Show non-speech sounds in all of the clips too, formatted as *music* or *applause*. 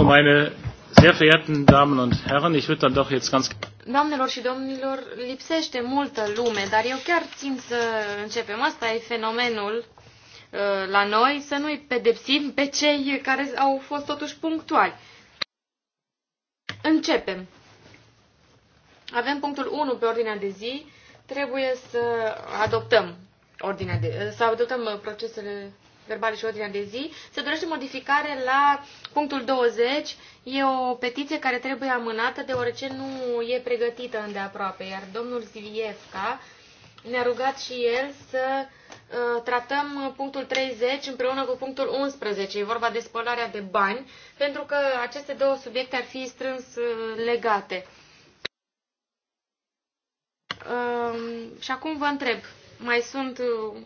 Domnilor, meine sehr verehrten Damen und Herren, ich würde dann doch jetzt ganz... Doamnelor și domnilor, lipsește multă lume, dar eu chiar țin să începem. Asta e fenomenul uh, la noi, să nu-i pedepsim pe cei care au fost totuși punctuali. Începem. Avem punctul 1 pe ordinea de zi. Trebuie să adoptăm ordinea de, să adoptăm procesele verbale și ordinea de zi. Se dorește modificare la punctul 20. E o petiție care trebuie amânată deoarece nu e pregătită îndeaproape, iar domnul Zilievca ne-a rugat și el să uh, tratăm punctul 30 împreună cu punctul 11, e vorba de spălarea de bani, pentru că aceste două subiecte ar fi strâns uh, legate. Uh, și acum vă întreb, mai sunt uh,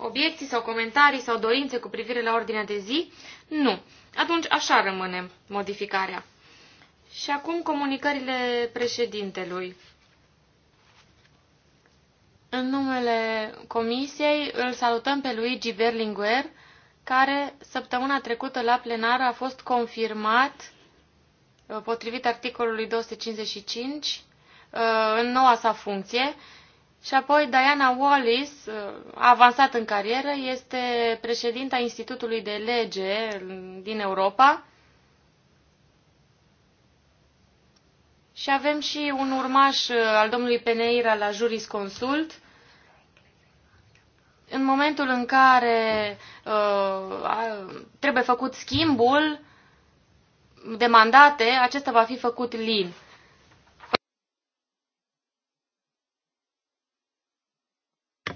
obiecții sau comentarii sau dorințe cu privire la ordinea de zi? Nu. Atunci așa rămâne modificarea. Și acum comunicările președintelui. În numele comisiei îl salutăm pe Luigi Berlinguer, care săptămâna trecută la plenară a fost confirmat, uh, potrivit articolului 255, uh, în noua sa funcție și apoi Diana Wallis, uh, avansat în carieră, este președinta Institutului de Lege mm, din Europa. Și avem și un urmaș uh, al domnului Peneira la jurisconsult. În momentul în care uh, trebuie făcut schimbul de mandate, acesta va fi făcut lin.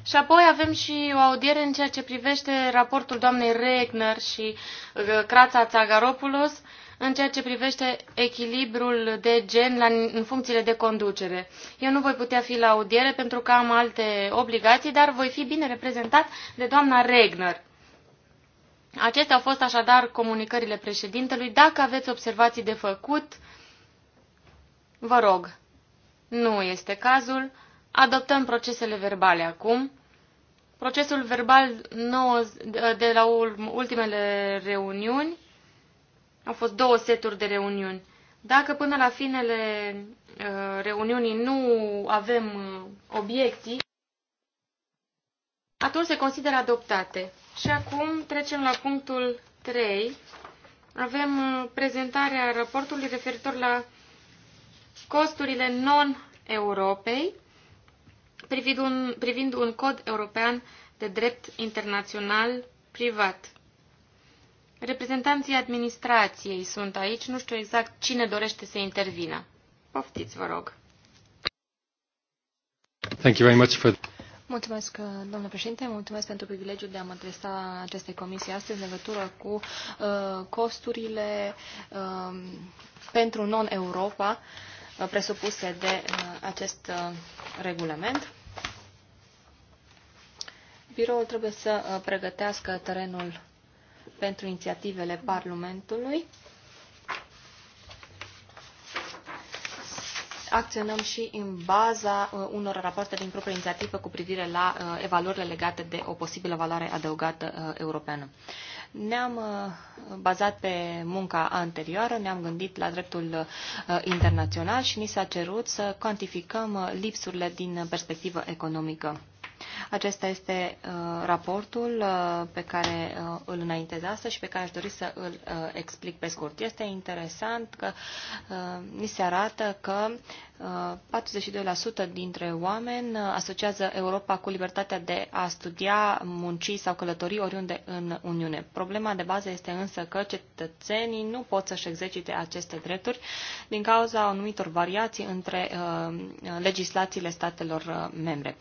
Și apoi avem și o audiere în ceea ce privește raportul doamnei Regner și uh, Crața Tsagaropoulos în ceea ce privește echilibrul de gen la, în funcțiile de conducere. Eu nu voi putea fi la audiere pentru că am alte obligații, dar voi fi bine reprezentat de doamna Regner. Acestea au fost așadar comunicările președintelui. Dacă aveți observații de făcut, vă rog. Nu este cazul. Adoptăm procesele verbale acum. Procesul verbal nouă, de la ultimele reuniuni, au fost două seturi de reuniuni. Dacă până la finele uh, reuniunii nu avem uh, obiecții, atunci se consideră adoptate. Și acum trecem la punctul 3. Avem uh, prezentarea raportului referitor la costurile non-europei privind un, privind un cod european de drept internațional privat. Reprezentanții administrației sunt aici, nu știu exact cine dorește să intervină. Poftiți, vă rog. Thank you very much for... Mulțumesc, domnule președinte, mulțumesc pentru privilegiul de a mă adresa acestei comisii astăzi în legătură cu uh, costurile uh, pentru non-Europa uh, presupuse de uh, acest uh, regulament. Biroul trebuie să uh, pregătească terenul pentru inițiativele Parlamentului. Acționăm și în baza uh, unor rapoarte din proprie inițiativă cu privire la uh, evaluările legate de o posibilă valoare adăugată europeană. Ne-am bazat pe munca anterioară, ne-am gândit la dreptul internațional și ni s-a cerut să cuantificăm lipsurile din perspectivă economică. Acesta este uh, raportul uh, pe care uh, îl înaintez astăzi și pe care aș dori să îl uh, explic pe scurt. Este interesant că uh, ni se arată că 42% dintre oameni asociază Europa cu libertatea de a studia, munci sau călători oriunde în Uniune. Problema de bază este însă că cetățenii nu pot să-și exercite aceste drepturi din cauza anumitor variații între uh, legislațiile statelor uh, membre.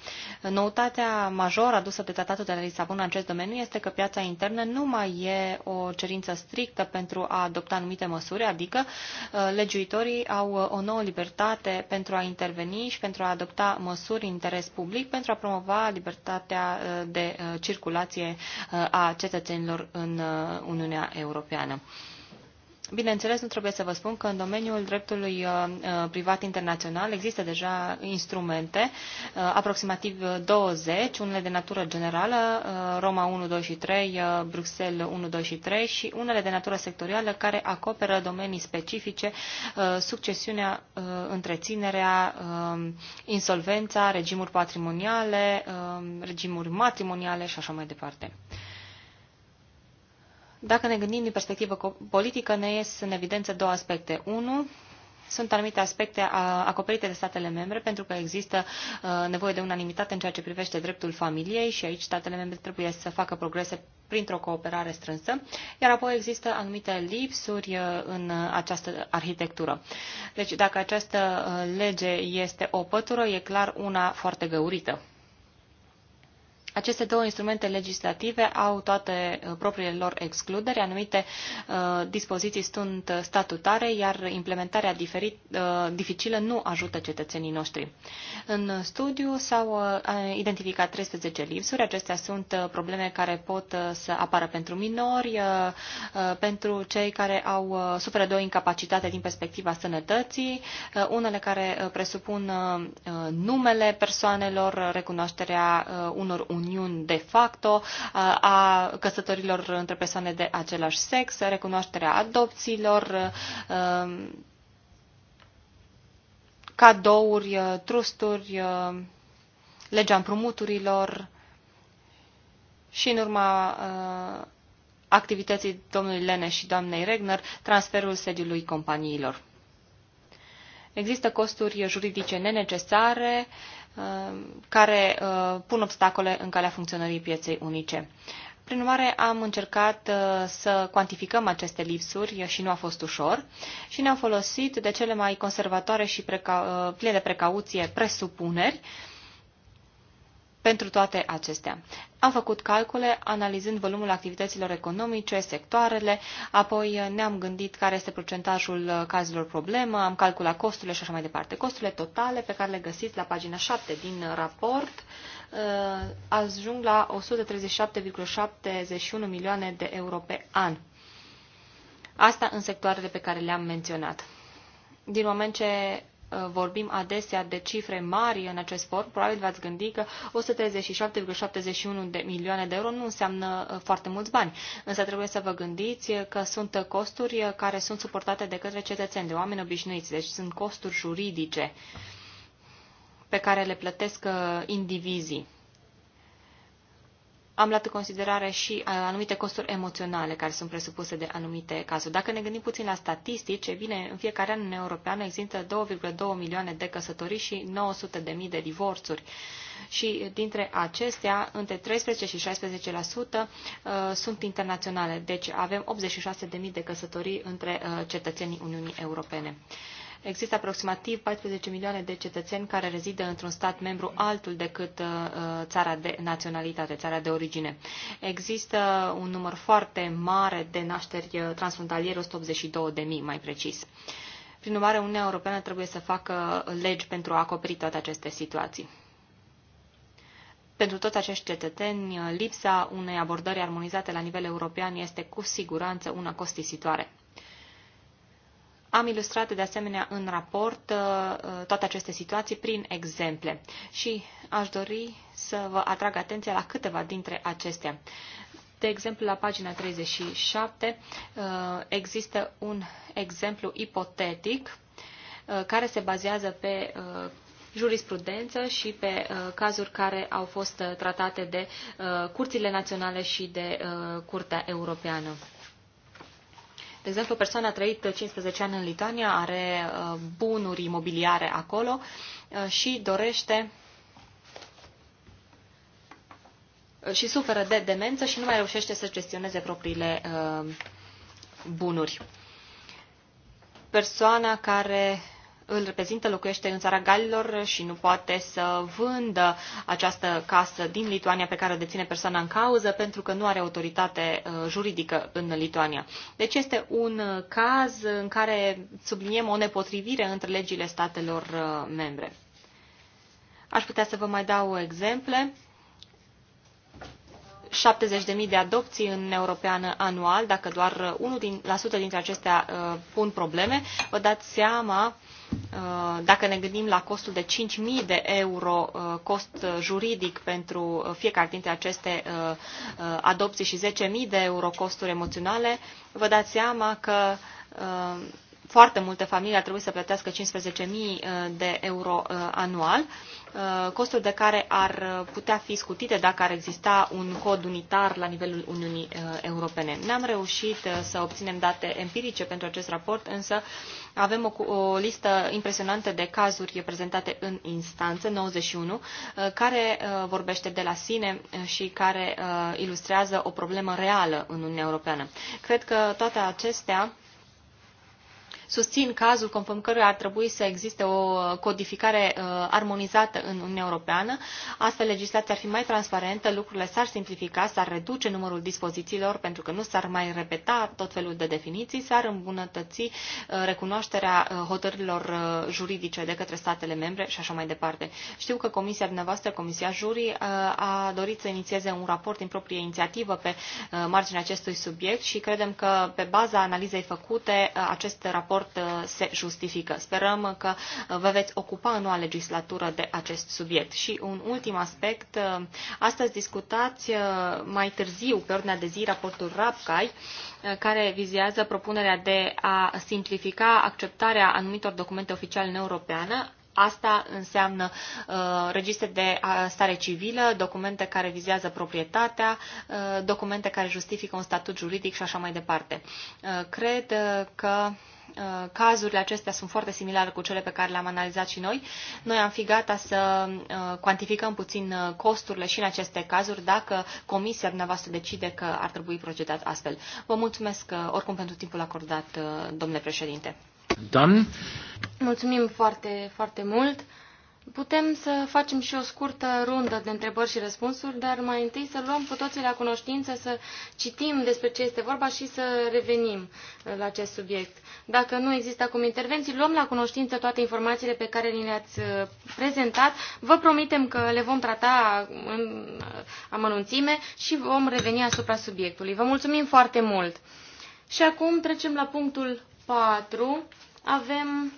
Noutatea majoră adusă de tratatul de la Lisabona în acest domeniu este că piața internă nu mai e o cerință strictă pentru a adopta anumite măsuri, adică uh, legiuitorii au o nouă libertate pentru a interveni și pentru a adopta măsuri în interes public pentru a promova libertatea uh, de uh, circulație uh, a cetățenilor în Uniunea Europeană. Bineînțeles, nu trebuie să vă spun că în domeniul dreptului uh, uh, privat internațional există deja instrumente, uh, aproximativ 20, unele de natură generală, Roma 1, 2 și 3, Bruxelles 1, 2 și 3 și unele de natură sectorială care acoperă domenii specifice, succesiunea, întreținerea, um, insolvența, regimuri patrimoniale, um, regimuri matrimoniale și așa mai departe. Dacă ne gândim din perspectivă politică, ne ies în evidență două aspecte. Unu, sunt anumite aspecte acoperite de statele membre pentru că există uh, nevoie de unanimitate în ceea ce privește dreptul familiei și aici statele membre trebuie să facă progrese printr-o cooperare strânsă, iar apoi există anumite lipsuri uh, în această arhitectură. Deci dacă această uh, lege este o pătură, e clar una foarte găurită. Aceste două instrumente legislative au toate uh, propriile lor excluderi, anumite uh, dispoziții sunt statutare, iar implementarea diferit, uh, dificilă nu ajută cetățenii noștri. În studiu s-au uh, identificat 13 lipsuri, acestea sunt uh, probleme care pot uh, să apară pentru minori, uh, uh, pentru cei care au uh, suferă de o incapacitate din perspectiva sănătății, uh, unele care uh, presupun uh, uh numele persoanelor, recunoașterea uh, unor un uniuni de facto, uh, a căsătorilor între persoane de același sex, recunoașterea adopțiilor, uh, um, cadouri, uh, trusturi, legea împrumuturilor și în urma activității domnului Lene și doamnei Regner, transferul sediului companiilor. Există costuri juridice nenecesare uh, Uh, care uh, pun obstacole în calea funcționării pieței unice. Prin urmare, am încercat uh, să cuantificăm aceste lipsuri și nu a fost ușor și ne-am folosit de cele mai conservatoare și preca- pline de precauție presupuneri pentru toate acestea. Am făcut calcule analizând volumul activităților economice, sectoarele, apoi ne-am gândit care este procentajul uh, cazurilor problemă, am calculat costurile și așa mai departe. Costurile totale pe care le găsiți la pagina 7 din raport uh, ajung la 137,71 milioane de euro pe an. Asta în sectoarele pe care le-am menționat. Din moment ce Uh, vorbim adesea de cifre mari în acest sport, probabil v-ați gândit că 137,71 de milioane de euro nu înseamnă uh, foarte mulți bani. Însă trebuie să vă gândiți că sunt uh, costuri care sunt suportate de către cetățeni, de oameni obișnuiți, deci sunt costuri juridice pe care le plătesc indivizii am luat în considerare și uh, anumite costuri emoționale care sunt presupuse de anumite cazuri. Dacă ne gândim puțin la statistici, e bine, în fiecare an în European există 2,2 milioane de căsătorii și 900 de mii de divorțuri. Și dintre acestea, între 13 și 16% uh, sunt internaționale. Deci avem 86 de mii de căsătorii între uh, cetățenii Uniunii Europene există aproximativ 14 milioane de cetățeni care rezidă într-un stat membru altul decât uh, țara de naționalitate, țara de origine. Există un număr foarte mare de nașteri uh, transfrontaliere, mii, mai precis. Prin urmare, Uniunea Europeană trebuie să facă legi pentru a acoperi toate aceste situații. Pentru toți acești cetățeni, uh, lipsa unei abordări armonizate la nivel european este cu siguranță una costisitoare. Am ilustrat de asemenea în raport uh, uh, toate aceste situații prin exemple și aș dori să vă atrag atenția la câteva dintre acestea. De exemplu, la pagina 37 uh, există un exemplu ipotetic care se bazează pe jurisprudență și pe cazuri care au fost tratate de curțile naționale și de Curtea Europeană. De exemplu, o persoană a trăit 15 ani în Lituania, are uh, bunuri imobiliare acolo uh, și dorește uh, și suferă de demență și nu mai reușește să gestioneze propriile bunuri. Persoana care îl reprezintă locuiește în țara Galilor și nu poate să vândă această casă din Lituania pe care o deține persoana în cauză pentru că nu are autoritate uh, juridică în Lituania. Deci este un uh, caz în care subliniem o nepotrivire între legile statelor uh, membre. Aș putea să vă mai dau exemple. 70.000 de adopții în europeană anual, dacă doar 1% dintre acestea pun probleme, vă dați seama Uh, dacă ne gândim la costul de 5.000 de euro uh, cost juridic pentru uh, fiecare dintre aceste adopții și 10.000 de euro costuri emoționale, vă dați seama că foarte multe familii ar trebui să plătească 15.000 de euro anual Uh, costuri de care ar putea fi scutite dacă ar exista un cod unitar la nivelul Uniunii uh, Europene. N-am reușit uh, să obținem date empirice pentru acest raport, însă avem o, o listă impresionantă de cazuri prezentate în instanță, 91, care vorbește de la sine și care ilustrează o problemă reală în Uniunea Europeană. Cred că toate acestea susțin cazul conform căruia ar trebui să existe o codificare uh, armonizată în Uniunea Europeană. Astfel, legislația ar fi mai transparentă, lucrurile s-ar simplifica, s-ar reduce numărul dispozițiilor pentru că nu s-ar mai repeta tot felul de definiții, s-ar îmbunătăți uh, recunoașterea uh, hotărârilor juridice de către statele membre și așa mai departe. Știu că Comisia dumneavoastră, Comisia Jurii, a dorit să inițieze un raport din proprie inițiativă pe marginea acestui subiect și credem că pe baza analizei făcute, acest raport raport uh, se justifică. Sperăm că uh, vă veți ocupa în noua legislatură de acest subiect. Și un ultim aspect, uh, astăzi discutați mai târziu pe ordinea de zi raportul RAPCAI, care vizează propunerea de a simplifica acceptarea anumitor documente oficiale în europeană, Asta înseamnă uh, registre de stare civilă, documente care vizează proprietatea, uh, documente care justifică un statut juridic și așa mai departe. Uh, cred că uh, Uh, cazurile acestea sunt foarte similare cu cele pe care le-am analizat și noi. Noi am fi gata să uh, cuantificăm puțin uh, costurile și în aceste cazuri dacă comisia dumneavoastră decide că ar trebui procedat astfel. Vă mulțumesc oricum pentru timpul acordat, domnule președinte. Dan. Mulțumim foarte, foarte mult. Putem să facem și o scurtă rundă de întrebări și răspunsuri, dar mai întâi să luăm cu toții la cunoștință, să citim despre ce este vorba și să revenim uh, la acest subiect. Dacă nu există acum intervenții, luăm la cunoștință toate informațiile pe care ni le-ați uh, prezentat. Vă promitem că le vom trata în uh, amănunțime și vom reveni asupra subiectului. Vă mulțumim foarte mult! Și acum trecem la punctul 4. Avem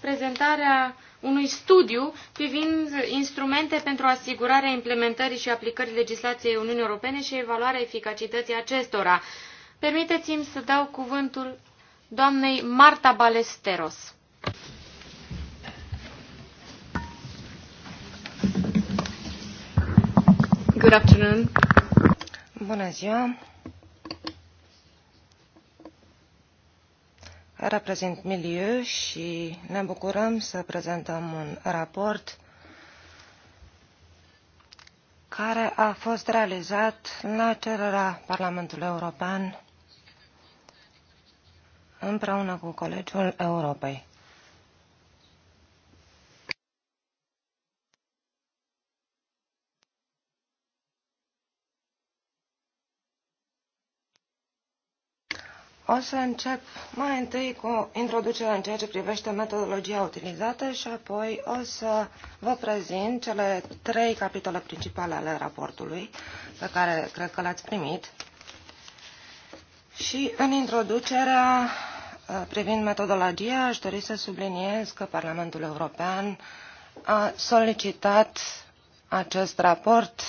prezentarea unui studiu privind instrumente pentru asigurarea implementării și aplicării legislației Uniunii Europene și evaluarea eficacității acestora. Permiteți-mi să dau cuvântul doamnei Marta Balesteros. Good afternoon. Bună ziua. reprezint milieu și ne bucurăm să prezentăm un raport care a fost realizat la cererea Parlamentului European împreună cu Colegiul Europei. O să încep mai întâi cu introducerea în ceea ce privește metodologia utilizată și apoi o să vă prezint cele trei capitole principale ale raportului pe care cred că l-ați primit. Și în introducerea ă, privind metodologia aș dori să subliniez că Parlamentul European a solicitat acest raport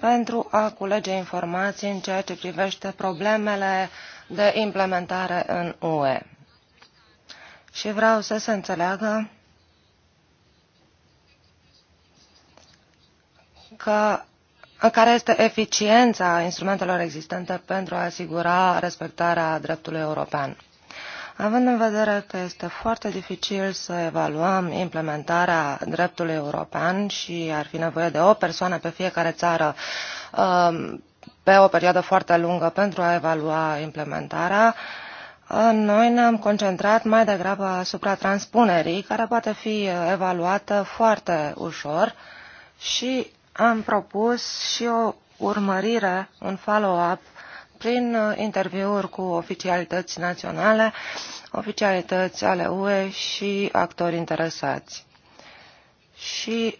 pentru a culege informații în ceea ce privește problemele de implementare în UE. Și vreau să se înțeleagă că care este eficiența instrumentelor existente pentru a asigura respectarea dreptului european. Având în vedere că este foarte dificil să evaluăm implementarea dreptului european și ar fi nevoie de o persoană pe fiecare țară um, pe o perioadă foarte lungă pentru a evalua implementarea, uh, noi ne-am concentrat mai degrabă asupra transpunerii, care poate fi evaluată foarte ușor și am propus și o urmărire, un follow-up prin uh, interviuri cu oficialități naționale, oficialități ale UE și actori interesați. Și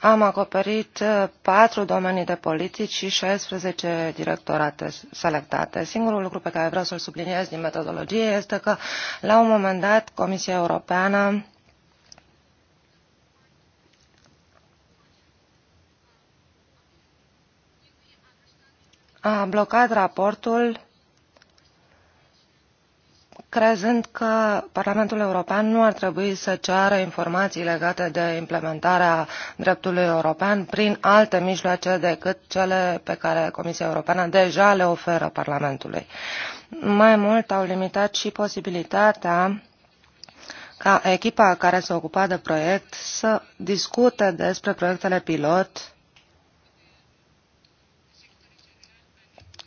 am acoperit uh, patru domenii de politici și 16 directorate selectate. Singurul lucru pe care vreau să-l subliniez din metodologie este că, la un moment dat, Comisia Europeană a blocat raportul crezând că Parlamentul European nu ar trebui să ceară informații legate de implementarea dreptului european prin alte mijloace decât cele pe care Comisia Europeană deja le oferă Parlamentului. Mai mult au limitat și posibilitatea ca echipa care se ocupa de proiect să discute despre proiectele pilot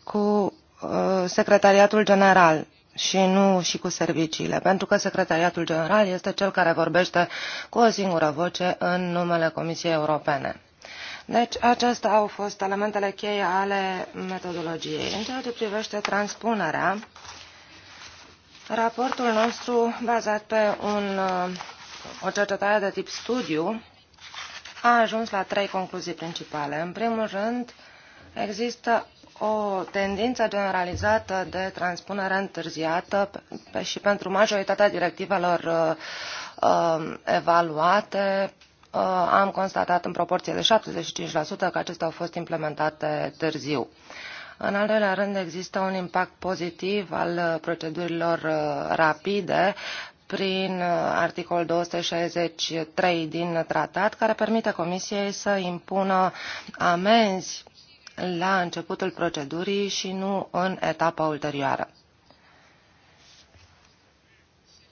cu uh, Secretariatul General și nu și cu serviciile, pentru că Secretariatul General este cel care vorbește cu o singură voce în numele Comisiei Europene. Deci, acestea au fost elementele cheie ale metodologiei. În ceea ce privește transpunerea, raportul nostru, bazat pe un, uh, o cercetare de tip studiu, a ajuns la trei concluzii principale. În primul rând, există o tendință generalizată de transpunere întârziată și pentru majoritatea directivelor uh, um, evaluate uh, am constatat în proporție de 75% că acestea au fost implementate târziu. În al doilea rând, există un impact pozitiv al uh, procedurilor rapide prin articolul 263 din tratat, care permite Comisiei să impună amenzi la începutul procedurii și nu în etapa ulterioară.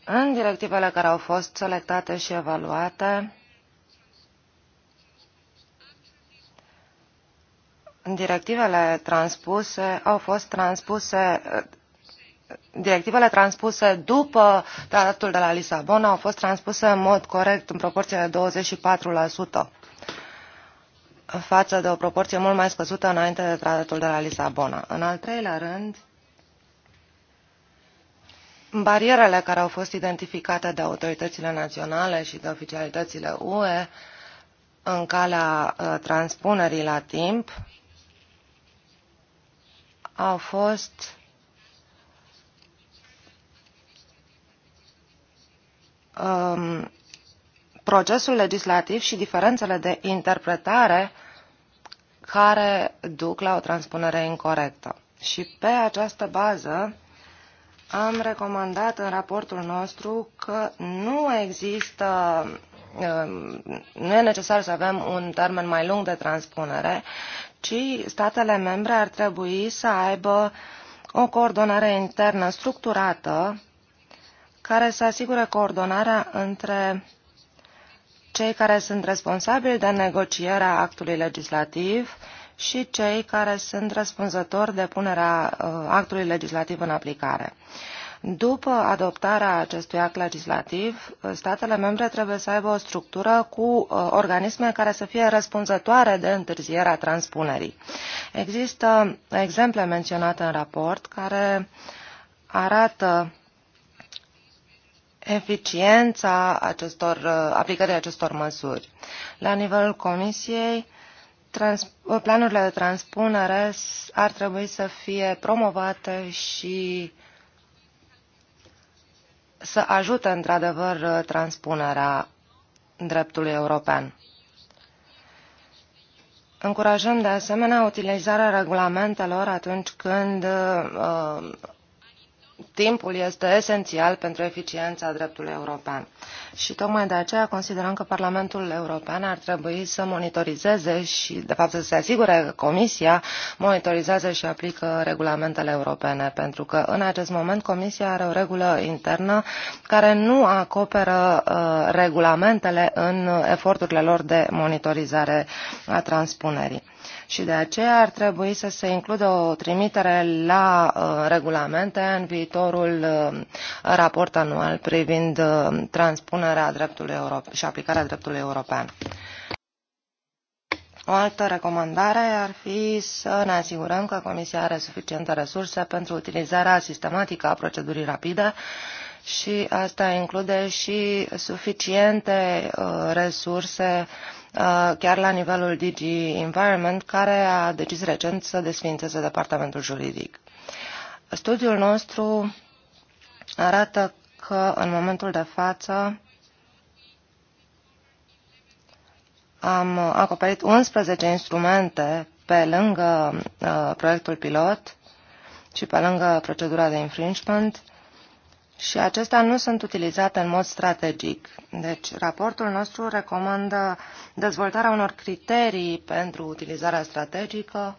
În directivele care au fost selectate și evaluate, directivele transpuse au fost transpuse directivele transpuse după tratatul de la Lisabona au fost transpuse în mod corect în proporție de 24% față de o proporție mult mai scăzută înainte de tratatul de la Lisabona. În al treilea rând, barierele care au fost identificate de autoritățile naționale și de oficialitățile UE în calea uh, transpunerii la timp au fost um, procesul legislativ și diferențele de interpretare care duc la o transpunere incorrectă. Și pe această bază am recomandat în raportul nostru că nu există um, nu e necesar să avem un termen mai lung de transpunere, ci statele membre ar trebui să aibă o coordonare internă structurată care să asigure coordonarea între cei care sunt responsabili de negocierea actului legislativ și cei care sunt răspunzători de punerea uh, actului legislativ în aplicare. După adoptarea acestui act legislativ, uh, statele membre trebuie să aibă o structură cu uh, organisme care să fie răspunzătoare de întârzierea transpunerii. Există exemple menționate în raport care arată eficiența acestor, uh, aplicării acestor măsuri. La nivelul Comisiei, trans, uh, planurile de transpunere ar trebui să fie promovate și să ajute într-adevăr uh, transpunerea dreptului european. Încurajăm de asemenea utilizarea regulamentelor atunci când uh, timpul este esențial pentru eficiența dreptului european. Și tocmai de aceea considerăm că Parlamentul European ar trebui să monitorizeze și, de fapt, să se asigure că Comisia monitorizează și aplică regulamentele europene, pentru că în acest moment Comisia are o regulă internă care nu acoperă uh, regulamentele în eforturile lor de monitorizare a transpunerii și de aceea ar trebui să se includă o trimitere la uh, regulamente în viitorul uh, raport anual privind uh, transpunerea dreptului european și aplicarea dreptului european. O altă recomandare ar fi să ne asigurăm că Comisia are suficiente resurse pentru utilizarea sistematică a procedurii rapide și asta include și suficiente resurse uh, Uh, chiar la nivelul DG Environment, care a decis recent să desfințeze departamentul juridic. Studiul nostru arată că în momentul de față am acoperit 11 instrumente pe lângă uh, proiectul pilot și pe lângă procedura de infringement și acestea nu sunt utilizate în mod strategic. Deci, raportul nostru recomandă dezvoltarea unor criterii pentru utilizarea strategică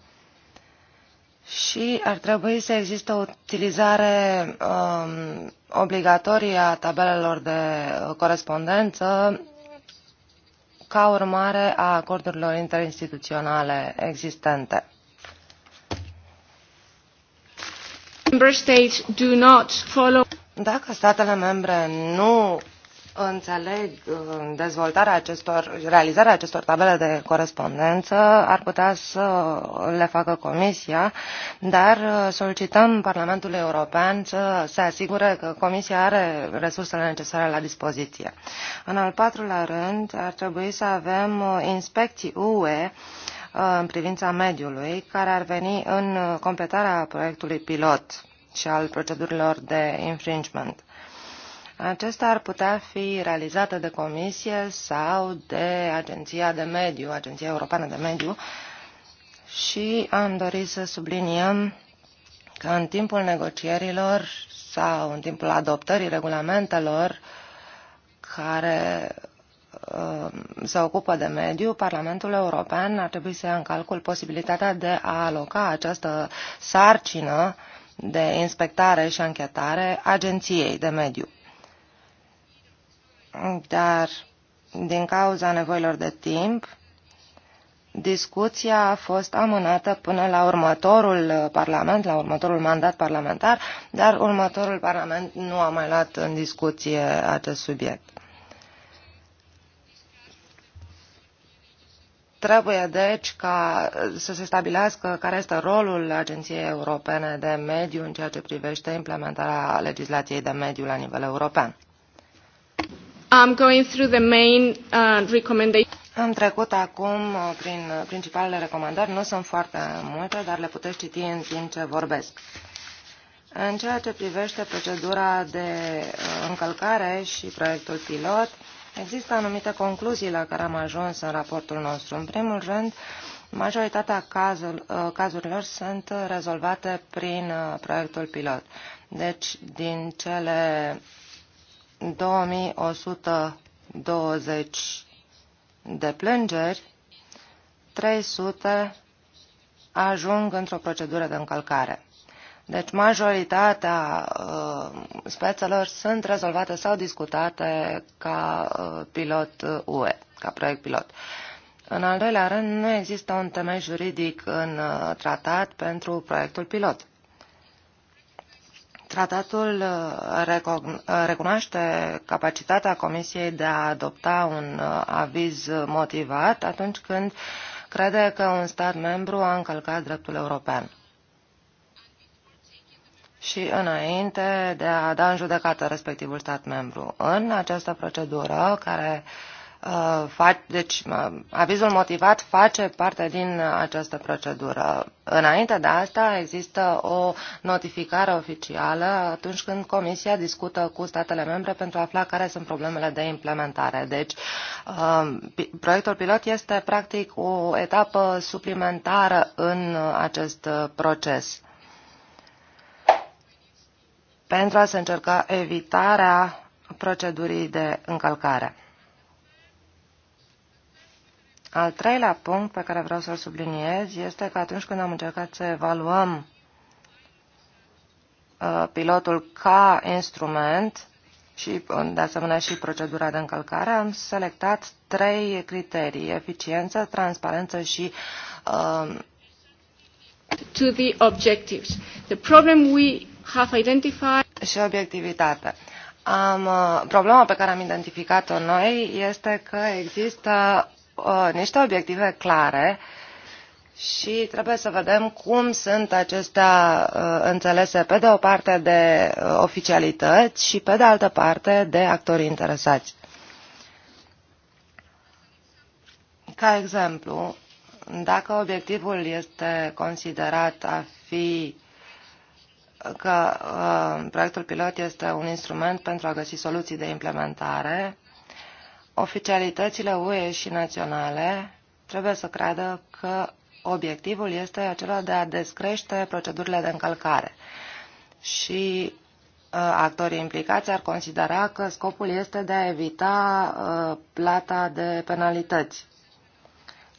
și ar trebui să existe o utilizare um, obligatorie a tabelelor de uh, corespondență ca urmare a acordurilor interinstituționale existente. Member states do not follow dacă statele membre nu înțeleg uh, dezvoltarea acestor, realizarea acestor tabele de corespondență, ar putea să le facă Comisia, dar uh, solicităm Parlamentului European să se asigure că Comisia are resursele necesare la dispoziție. În al patrulea rând, ar trebui să avem uh, inspecții UE în privința mediului, care ar veni în completarea proiectului pilot și al procedurilor de infringement. Acesta ar putea fi realizată de comisie sau de Agenția de Mediu, Agenția Europeană de Mediu, și am dorit să subliniem că în timpul negocierilor sau în timpul adoptării regulamentelor care uh, se ocupă de mediu, Parlamentul European ar trebui să ia în calcul posibilitatea de a aloca această sarcină uh, de inspectare și anchetare Agenției de Mediu. Dar, din cauza nevoilor de timp, discuția a fost amânată până la următorul Parlament, la următorul mandat parlamentar, dar următorul Parlament nu a mai luat în discuție acest subiect. Trebuie, deci, ca să se stabilească care este rolul Agenției Europene de Mediu în ceea ce privește implementarea legislației de mediu la nivel european. I'm going through the main uh, Am trecut acum uh, prin principalele recomandări. Nu sunt foarte multe, dar le puteți citi în timp ce vorbesc. În ceea ce privește procedura de uh, încălcare și proiectul pilot, uh, Există anumite concluzii la care am ajuns în raportul nostru. În primul rând, majoritatea cazul, uh, cazurilor sunt rezolvate prin uh, proiectul pilot. Deci, din cele 2120 de plângeri, 300 ajung într-o procedură de încălcare. Deci majoritatea uh, spețelor sunt rezolvate sau discutate ca uh, pilot uh, UE, ca proiect pilot. În al doilea rând, nu există un temei juridic în tratat pentru proiectul pilot. Tratatul recunoaște capacitatea Comisiei de a adopta un aviz motivat atunci când crede că un stat membru a încălcat dreptul european și înainte de a da în judecată respectivul stat membru. În această procedură, care uh, deci uh, avizul motivat face parte din această procedură. Înainte de asta există o notificare oficială atunci când Comisia discută cu statele membre pentru a afla care sunt problemele de implementare. Deci uh, proiectul pilot este practic o etapă suplimentară în acest proces pentru a se încerca evitarea procedurii de încălcare. Al treilea punct pe care vreau să-l subliniez este că atunci când am încercat să evaluăm uh, pilotul ca instrument și, uh, de asemenea, și procedura de încălcare, am selectat trei criterii, eficiență, transparență și uh, to the objectives. The problem we have identified... și obiectivitate. Am, uh, problema pe care am identificat-o noi este că există uh, niște obiective clare și trebuie să vedem cum sunt acestea uh, înțelese pe de o parte de uh, oficialități și pe de altă parte de actorii interesați. Ca exemplu, dacă obiectivul este considerat a fi uh, că uh, proiectul pilot este un instrument pentru a găsi soluții de implementare, oficialitățile UE și naționale trebuie să creadă că obiectivul este acela de a descrește procedurile de încălcare. Și uh, actorii implicați ar considera că scopul este de a evita uh, plata de penalități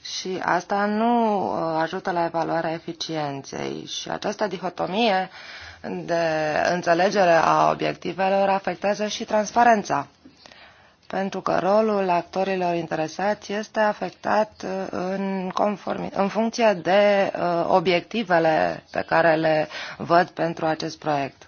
și asta nu uh, ajută la evaluarea eficienței. Și această dihotomie de înțelegere a obiectivelor afectează și transparența. Pentru că rolul actorilor interesați este afectat uh, în, conform, în funcție de uh, obiectivele pe care le văd pentru acest proiect.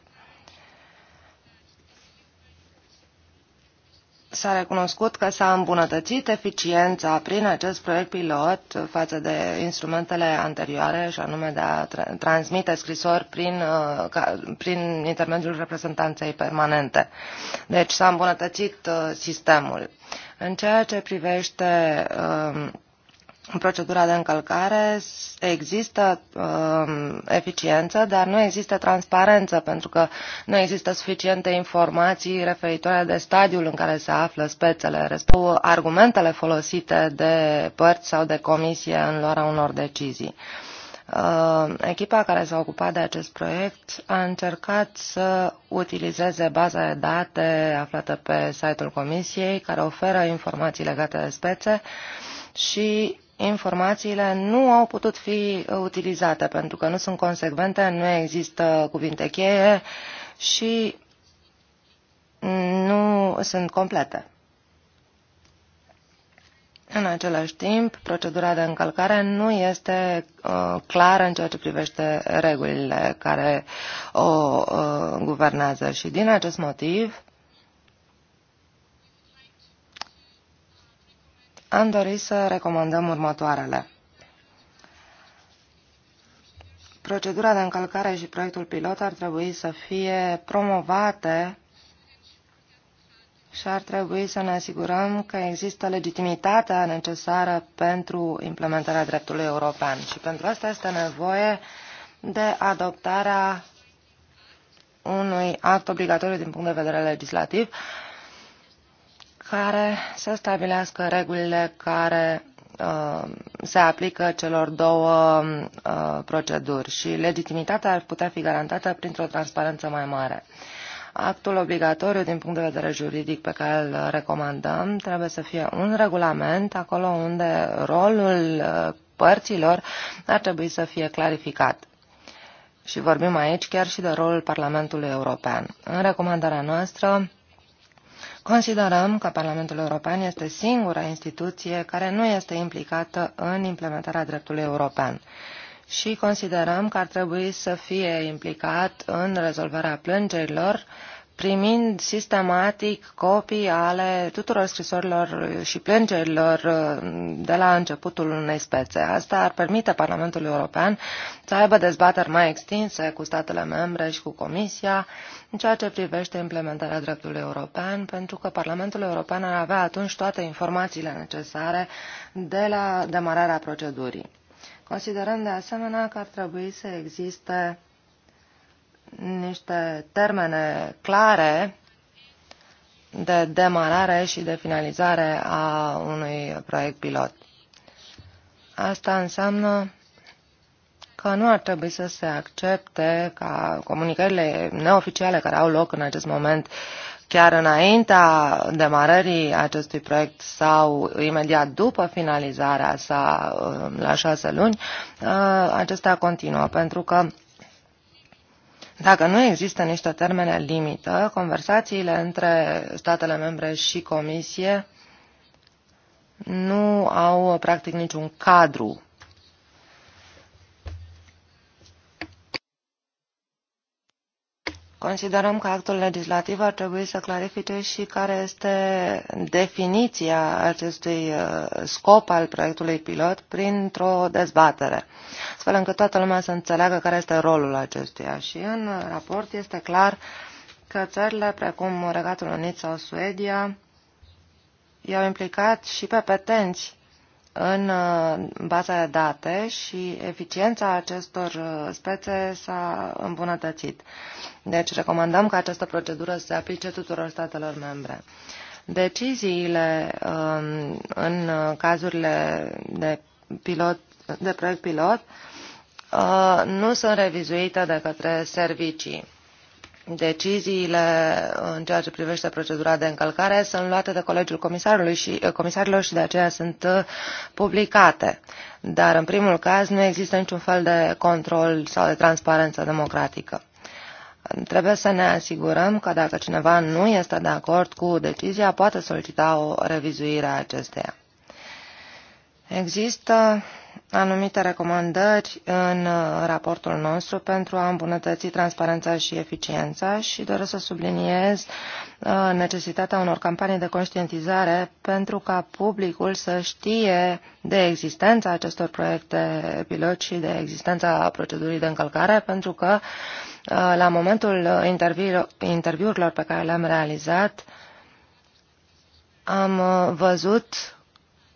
s-a recunoscut că s-a îmbunătățit eficiența prin acest proiect pilot față de instrumentele anterioare, și anume de a tra transmite scrisori prin, uh, ca, prin intermediul reprezentanței permanente. Deci s-a îmbunătățit uh, sistemul. În ceea ce privește um, în procedura de încălcare există uh, eficiență, dar nu există transparență, pentru că nu există suficiente informații referitoare de stadiul în care se află spețele, respectiv argumentele folosite de părți sau de comisie în luarea unor decizii. Uh, echipa care s-a ocupat de acest proiect a încercat să utilizeze baza de date aflată pe site-ul comisiei, care oferă informații legate de spețe, și informațiile nu au putut fi utilizate pentru că nu sunt consecvente, nu există cuvinte cheie și nu sunt complete. În același timp, procedura de încălcare nu este uh, clară în ceea ce privește regulile care o uh, guvernează și din acest motiv am dorit să recomandăm următoarele. Procedura de încălcare și proiectul pilot ar trebui să fie promovate și ar trebui să ne asigurăm că există legitimitatea necesară pentru implementarea dreptului european. Și pentru asta este nevoie de adoptarea unui act obligatoriu din punct de vedere legislativ care să stabilească regulile care uh, se aplică celor două uh, proceduri și legitimitatea ar putea fi garantată printr-o transparență mai mare. Actul obligatoriu din punct de vedere juridic pe care îl recomandăm trebuie să fie un regulament acolo unde rolul uh, părților ar trebui să fie clarificat. Și vorbim aici chiar și de rolul Parlamentului European. În recomandarea noastră Considerăm că Parlamentul European este singura instituție care nu este implicată în implementarea dreptului european și considerăm că ar trebui să fie implicat în rezolvarea plângerilor primind sistematic copii ale tuturor scrisorilor și plângerilor uh, de la începutul unei spețe. Asta ar permite Parlamentului European să aibă dezbateri mai extinse cu statele membre și cu Comisia în ceea ce privește implementarea dreptului european, pentru că Parlamentul European ar avea atunci toate informațiile necesare de la demararea procedurii. Considerăm de asemenea că ar trebui să existe niște termene clare de demarare și de finalizare a unui proiect pilot. Asta înseamnă că nu ar trebui să se accepte ca comunicările neoficiale care au loc în acest moment chiar înaintea demarării acestui proiect sau imediat după finalizarea sa um, la șase luni, uh, acestea continuă, pentru că dacă nu există niște termene limită, conversațiile între statele membre și Comisie nu au practic niciun cadru Considerăm că actul legislativ ar trebui să clarifice și care este definiția acestui uh, scop al proiectului pilot printr-o dezbatere, astfel încât toată lumea să înțeleagă care este rolul acestuia. Și în raport este clar că țările precum Regatul Unit sau Suedia i-au implicat și pe petenți Uh, în baza de date și eficiența acestor uh, spețe s-a îmbunătățit. Deci recomandăm ca această procedură să se aplice tuturor statelor membre. Deciziile um, în uh, cazurile de, pilot, de proiect pilot nu sunt revizuite de către servicii deciziile în ceea ce privește procedura de încălcare sunt luate de Colegiul Comisarului și, eh, Comisarilor și de aceea sunt eh, publicate. Dar în primul caz nu există niciun fel de control sau de transparență democratică. Trebuie să ne asigurăm că dacă cineva nu este de acord cu decizia, poate solicita o revizuire a acesteia. Există anumite recomandări în uh, raportul nostru pentru a îmbunătăți transparența și eficiența și doresc să subliniez uh, necesitatea unor campanii de conștientizare pentru ca publicul să știe de existența acestor proiecte pilot și de existența procedurii de încălcare, pentru că uh, la momentul interviurilor pe care le-am realizat, am văzut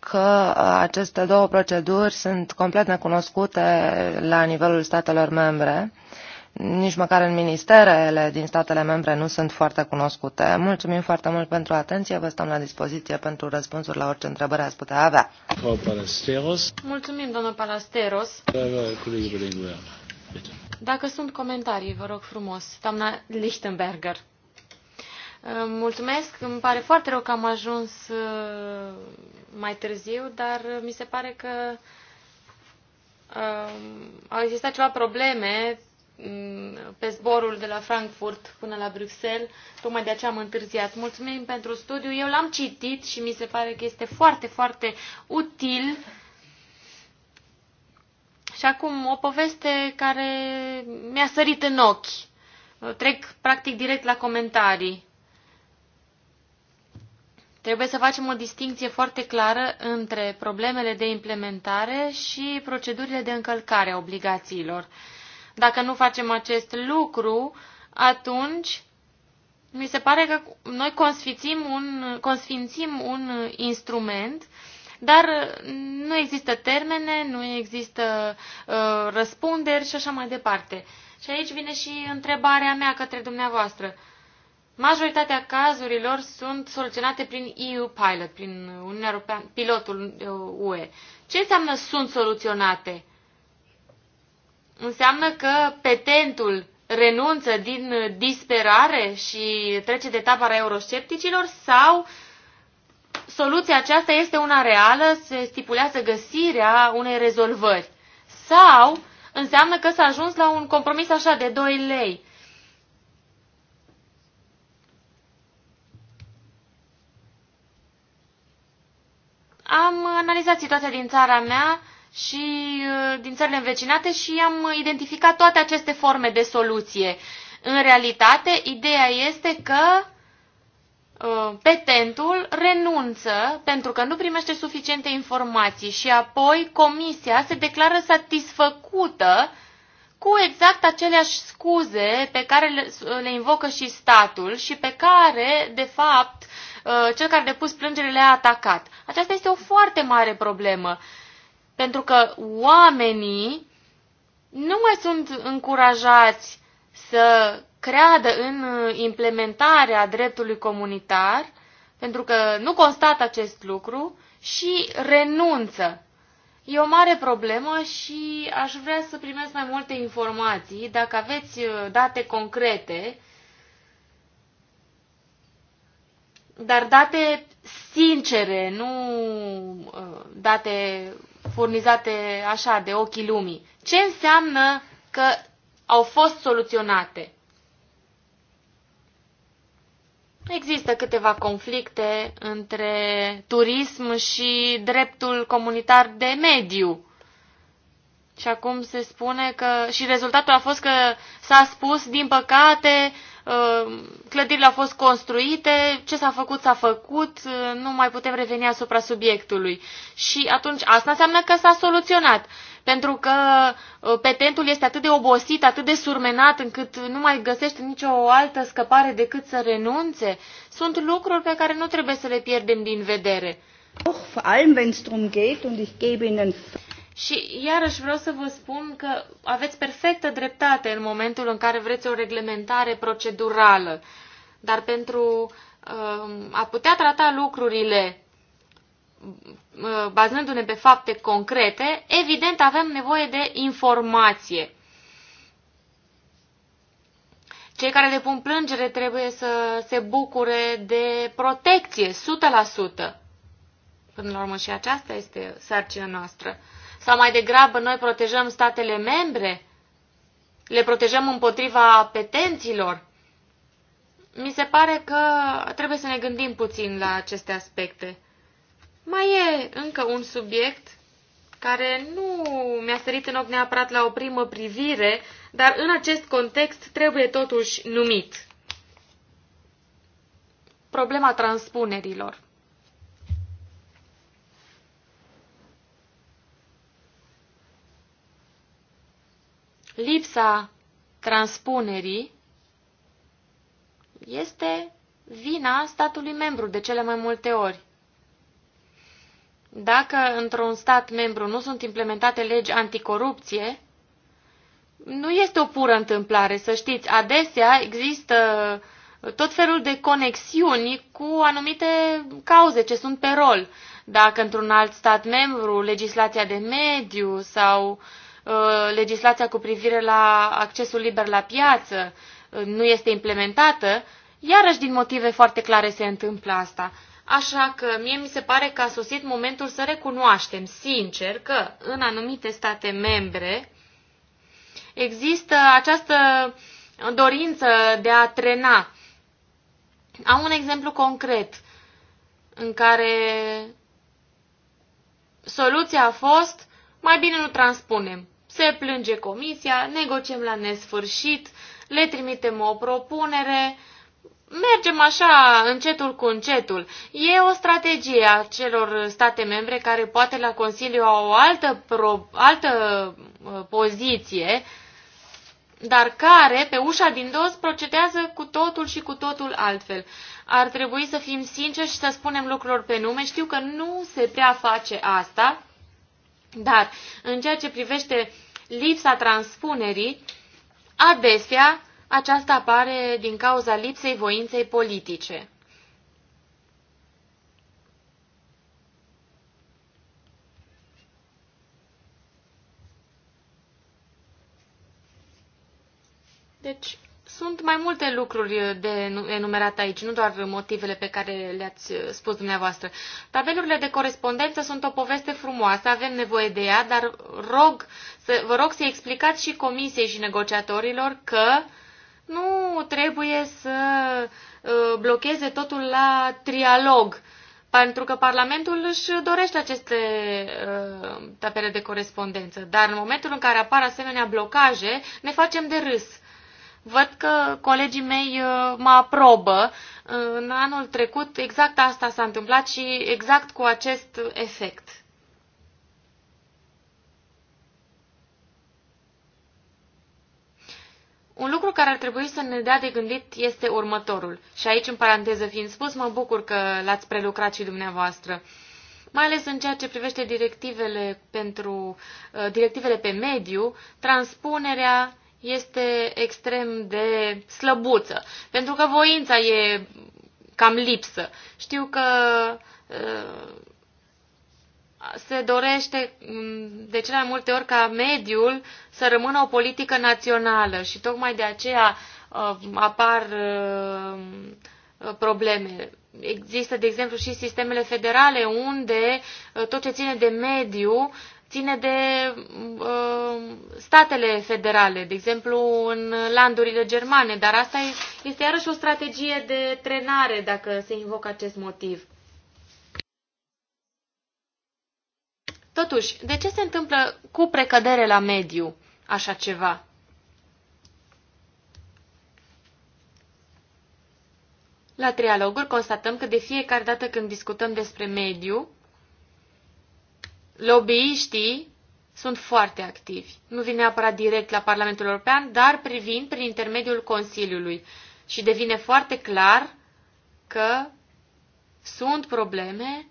că uh, aceste două proceduri sunt complet necunoscute la nivelul statelor membre. Nici măcar în ministerele din statele membre nu sunt foarte cunoscute. Mulțumim foarte mult pentru atenție. Vă stăm la dispoziție pentru răspunsuri la orice întrebări ați putea avea. Mulțumim, domnul Palasteros. Da, da, Dacă sunt comentarii, vă rog frumos, doamna Lichtenberger. Mulțumesc, îmi pare foarte rău că am ajuns uh, mai târziu, dar mi se pare că um, au existat ceva probleme mm, pe zborul de la Frankfurt până la Bruxelles, tocmai de aceea am întârziat. Mulțumim pentru studiu, eu l-am citit și mi se pare că este foarte, foarte util. Și acum o poveste care mi-a sărit în ochi. Trec practic direct la comentarii. Trebuie să facem o distinție foarte clară între problemele de implementare și procedurile de încălcare a obligațiilor. Dacă nu facem acest lucru, atunci mi se pare că noi consfințim un, consfințim un instrument, dar nu există termene, nu există uh, răspunderi și așa mai departe. Și aici vine și întrebarea mea către dumneavoastră. Uh, Majoritatea cazurilor sunt soluționate prin EU Pilot, prin Uniunea Europeană, pilotul UE. Uh, Ce înseamnă sunt soluționate? Înseamnă că petentul renunță din disperare și trece de tabara euroscepticilor sau soluția aceasta este una reală, se stipulează găsirea unei rezolvări. Sau înseamnă că s-a ajuns la un compromis așa de 2 lei. am analizat situația din țara mea și uh, din țările învecinate și am identificat toate aceste forme de soluție. În realitate, ideea este că uh, petentul renunță pentru că nu primește suficiente informații și apoi comisia se declară satisfăcută cu exact aceleași scuze pe care le invocă și statul și pe care, de fapt, Uh, cel care a depus plângere le-a atacat. Aceasta este o foarte mare problemă, pentru că oamenii nu mai sunt încurajați să creadă în uh, implementarea dreptului comunitar, pentru că nu constată acest lucru și renunță. E o mare problemă și aș vrea să primesc mai multe informații. Dacă aveți uh, date concrete, dar date sincere, nu uh, date furnizate așa de ochii lumii. Ce înseamnă că au fost soluționate? Există câteva conflicte între turism și dreptul comunitar de mediu. Și acum se spune că... Și rezultatul a fost că s-a spus, din păcate, Ehm, clădirile au fost construite, ce s-a făcut s-a făcut, eh, nu mai putem reveni asupra subiectului. Și atunci asta înseamnă că s-a soluționat, pentru că eh, petentul este atât de obosit, atât de surmenat, încât nu mai găsește nicio altă scăpare decât să renunțe. Sunt lucruri pe care nu trebuie să le pierdem din vedere. vor allem, wenn es geht, und ich gebe Ihnen și iarăși vreau să vă spun că aveți perfectă dreptate în momentul în care vreți o reglementare procedurală. Dar pentru uh, a putea trata lucrurile uh, bazându-ne pe fapte concrete, evident avem nevoie de informație. Cei care depun plângere trebuie să se bucure de protecție, 100%. Până la urmă și aceasta este sarcina noastră. Sau mai degrabă noi protejăm statele membre? Le protejăm împotriva petenților? Mi se pare că trebuie să ne gândim puțin la aceste aspecte. Mai e încă un subiect care nu mi-a sărit în ochi neapărat la o primă privire, dar în acest context trebuie totuși numit. Problema transpunerilor. lipsa transpunerii este vina statului membru de cele mai multe ori. Dacă într-un stat membru nu sunt implementate legi anticorupție, nu este o pură întâmplare, să știți. Adesea există tot felul de conexiuni cu anumite cauze ce sunt pe rol. Dacă într-un alt stat membru legislația de mediu sau uh, Uh, legislația cu privire la accesul liber la piață uh, nu este implementată, iarăși din motive foarte clare se întâmplă asta. Așa că mie mi se pare că a sosit momentul să recunoaștem sincer că în anumite state membre există această dorință de a trena. Am un exemplu concret în care soluția a fost mai bine nu transpunem se plânge comisia, negociem la nesfârșit, le trimitem o propunere, mergem așa încetul cu încetul. E o strategie a celor state membre care poate la Consiliu au o altă, pro, altă uh, poziție, dar care, pe ușa din dos, procedează cu totul și cu totul altfel. Ar trebui să fim sinceri și să spunem lucrurilor pe nume. Știu că nu se prea face asta, dar în ceea ce privește lipsa transpunerii, adesea aceasta apare din cauza lipsei voinței politice. Deci, sunt mai multe lucruri de enumerat aici, nu doar motivele pe care le-ați uh, spus dumneavoastră. Tabelurile de corespondență sunt o poveste frumoasă, avem nevoie de ea, dar rog, să, vă rog să explicați și comisiei și negociatorilor că nu trebuie să uh, blocheze totul la trialog, pentru că Parlamentul își dorește aceste uh, tabele de corespondență. Dar în momentul în care apar asemenea blocaje, ne facem de râs. Văd că colegii mei uh, mă aprobă. Uh, în anul trecut exact asta s-a întâmplat și exact cu acest efect. Un lucru care ar trebui să ne dea de gândit este următorul. Și aici, în paranteză fiind spus, mă bucur că l-ați prelucrat și dumneavoastră. Mai ales în ceea ce privește directivele, pentru, uh, directivele pe mediu, transpunerea este extrem de slăbuță, pentru că voința e cam lipsă. Știu că uh, se dorește mm, de cele mai multe ori ca mediul să rămână o politică națională și tocmai de aceea uh, apar uh, probleme. Există, de exemplu, și sistemele federale unde tot ce ține de mediu ține de uh, statele federale, de exemplu în landurile germane, dar asta este iarăși o strategie de trenare dacă se invocă acest motiv. Totuși, de ce se întâmplă cu precădere la mediu așa ceva? La trialoguri constatăm că de fiecare dată când discutăm despre mediu, lobbyiștii sunt foarte activi. Nu vin neapărat direct la Parlamentul European, dar privind prin intermediul Consiliului. Și devine foarte clar că sunt probleme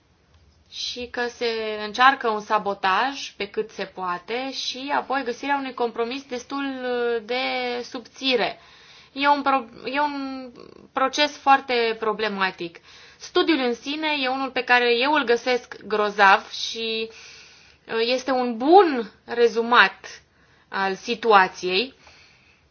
și că se încearcă un sabotaj pe cât se poate și apoi găsirea unui compromis destul de subțire. E un, pro- e un proces foarte problematic. Studiul în sine e unul pe care eu îl găsesc grozav și uh, este un bun rezumat al situației.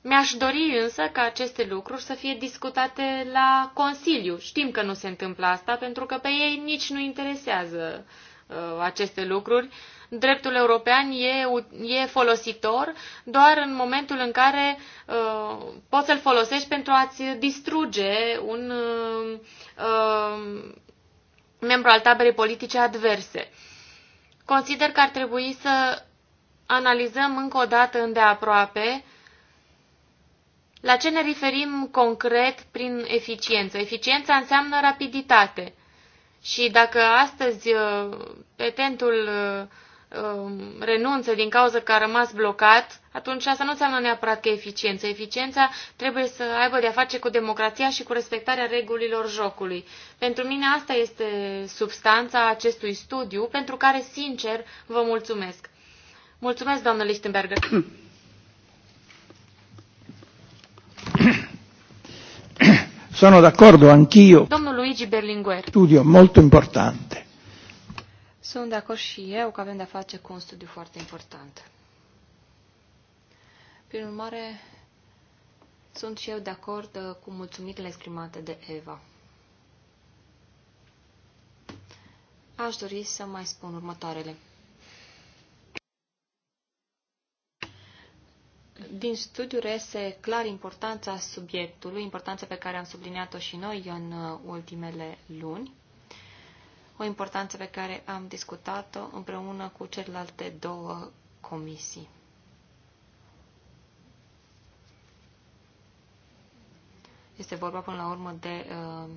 Mi-aș dori însă ca aceste lucruri să fie discutate la Consiliu. Știm că nu se întâmplă asta pentru că pe ei nici nu interesează uh, aceste lucruri. Dreptul european e, e folositor doar în momentul în care uh, poți să-l folosești pentru a-ți distruge un uh, uh, membru al taberei politice adverse. Uh, consider că ar trebui să analizăm încă o dată îndeaproape la ce ne referim concret prin eficiență. Eficiența înseamnă rapiditate. Și dacă astăzi uh, petentul uh, Um, renunță din cauza că a rămas blocat, atunci asta nu înseamnă neapărat că eficiență. Eficiența trebuie să aibă de-a face cu democrația și cu respectarea regulilor jocului. Pentru mine asta este substanța acestui studiu, pentru care, sincer, vă mulțumesc. Mulțumesc, doamnă Lichtenberger. Sono d'accordo anch'io. Domnul Luigi Berlinguer. Studio molto importante sunt de acord și eu că avem de-a face cu un studiu foarte important. Prin urmare, sunt și eu de acord uh, cu mulțumirile exprimate de Eva. Aș dori să mai spun următoarele. Din studiu rese clar importanța subiectului, importanța pe care am subliniat-o și noi în uh, ultimele luni o importanță pe care am discutat-o împreună cu celelalte două comisii. Este vorba până la urmă de uh,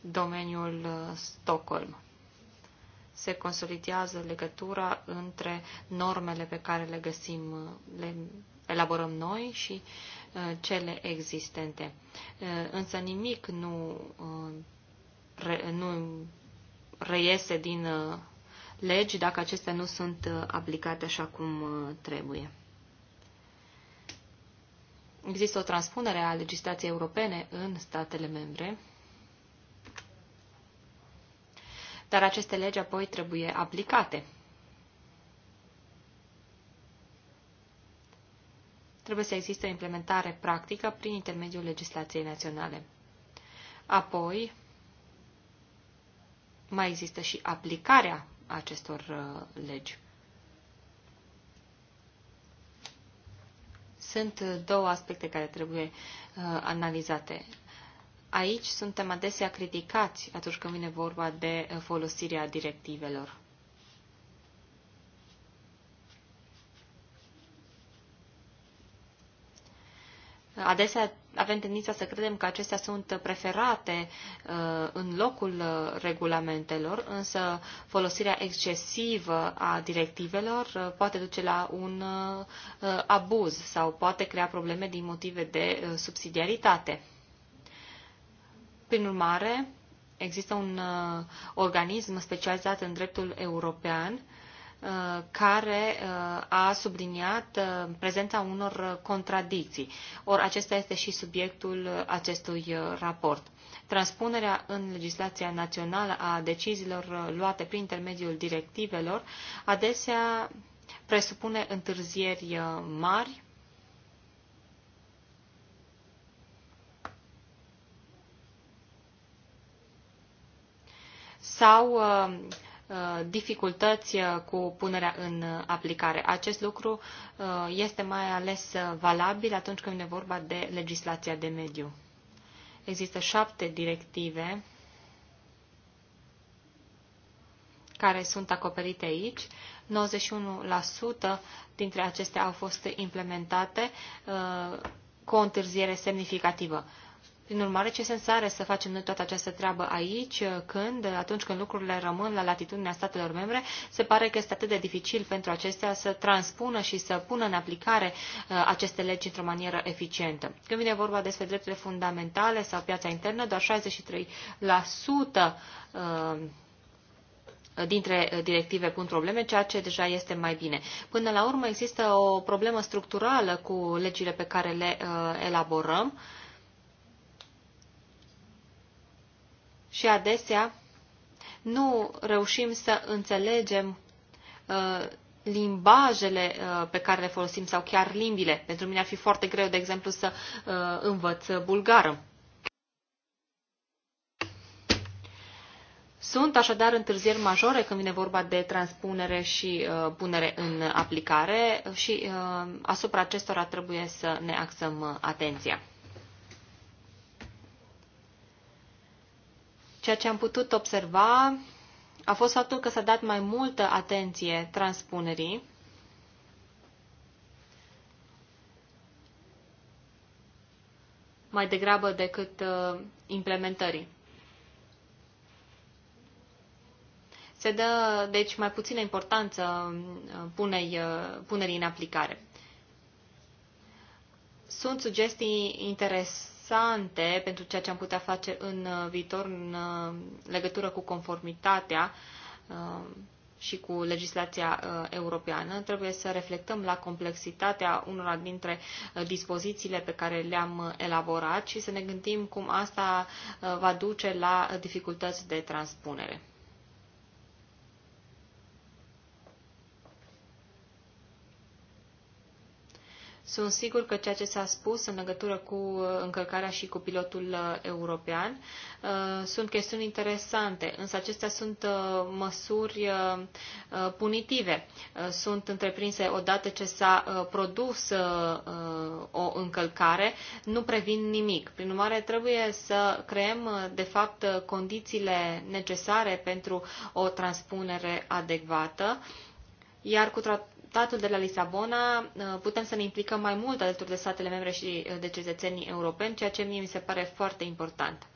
domeniul uh, Stockholm. Se consolidează legătura între normele pe care le găsim, uh, le elaborăm noi și uh, cele existente. Uh, însă nimic nu, uh, re, nu reiese din uh, legi dacă acestea nu sunt uh, aplicate așa cum uh, trebuie. Există o transpunere a legislației europene în statele membre, dar aceste legi apoi trebuie aplicate. Trebuie să existe o implementare practică prin intermediul legislației naționale. Apoi, mai există și aplicarea acestor uh, legi. Sunt uh, două aspecte care trebuie uh, analizate. Aici suntem adesea criticați atunci când vine vorba de folosirea directivelor. Adesea avem tendința să credem că acestea sunt preferate uh, în locul uh, regulamentelor, însă folosirea excesivă a directivelor uh, poate duce la un abuz sau poate crea probleme din motive de subsidiaritate. Prin urmare, există un organism specializat în dreptul european Uh, care uh, a subliniat uh, prezența unor contradicții. Or, acesta este și subiectul acestui raport. Transpunerea în legislația națională a deciziilor luate prin intermediul directivelor adesea presupune întârzieri mari sau Uh, dificultăți uh, cu punerea în uh, aplicare. Acest lucru este mai ales valabil atunci când e vorba de legislația de mediu. Există șapte directive care sunt acoperite aici. 91% dintre acestea au fost implementate cu o întârziere semnificativă. Prin urmare, ce sens are să facem noi toată această treabă aici, când, atunci când lucrurile rămân la latitudinea statelor membre, se pare că este atât de dificil pentru acestea să transpună și să pună în aplicare uh, aceste legi într-o manieră eficientă. Când vine vorba despre drepturile fundamentale sau piața internă, doar 63% uh, dintre directive pun probleme, ceea ce deja este mai bine. Până la urmă există o problemă structurală cu legile pe care le uh, elaborăm. Uh, și adesea nu reușim să înțelegem uh, limbajele uh, pe care le folosim sau chiar limbile. Pentru mine ar fi foarte greu, de exemplu, să uh, învăț bulgară. Sunt așadar întârzieri majore când vine vorba de transpunere și uh, punere în aplicare și uh, asupra acestora trebuie să ne axăm uh, atenția. Ceea ce am putut observa a fost faptul că s-a dat mai multă atenție transpunerii mai degrabă decât uh, implementării. Se dă, deci, mai puțină importanță uh, punei, uh, punerii în aplicare. Sunt sugestii interes, interesante pentru ceea ce am putea face în uh, viitor în uh, legătură cu conformitatea uh, și cu legislația europeană. Trebuie să reflectăm la complexitatea unora dintre dispozițiile pe care le-am elaborat și să ne gândim cum asta va duce la dificultăți de transpunere. Sunt sigur că ceea ce s-a spus în legătură cu uh, încălcarea și cu pilotul uh, european uh, sunt chestiuni interesante, însă acestea sunt măsuri punitive. Sunt întreprinse odată ce s-a produs o încălcare, nu previn nimic. Prin urmare, trebuie să creăm, de fapt, condițiile necesare pentru o transpunere adecvată iar cu tratatul de la Lisabona uh, putem să ne implicăm mai mult alături de statele membre și uh, de cetățenii europeni, ceea ce mie mi se pare foarte important.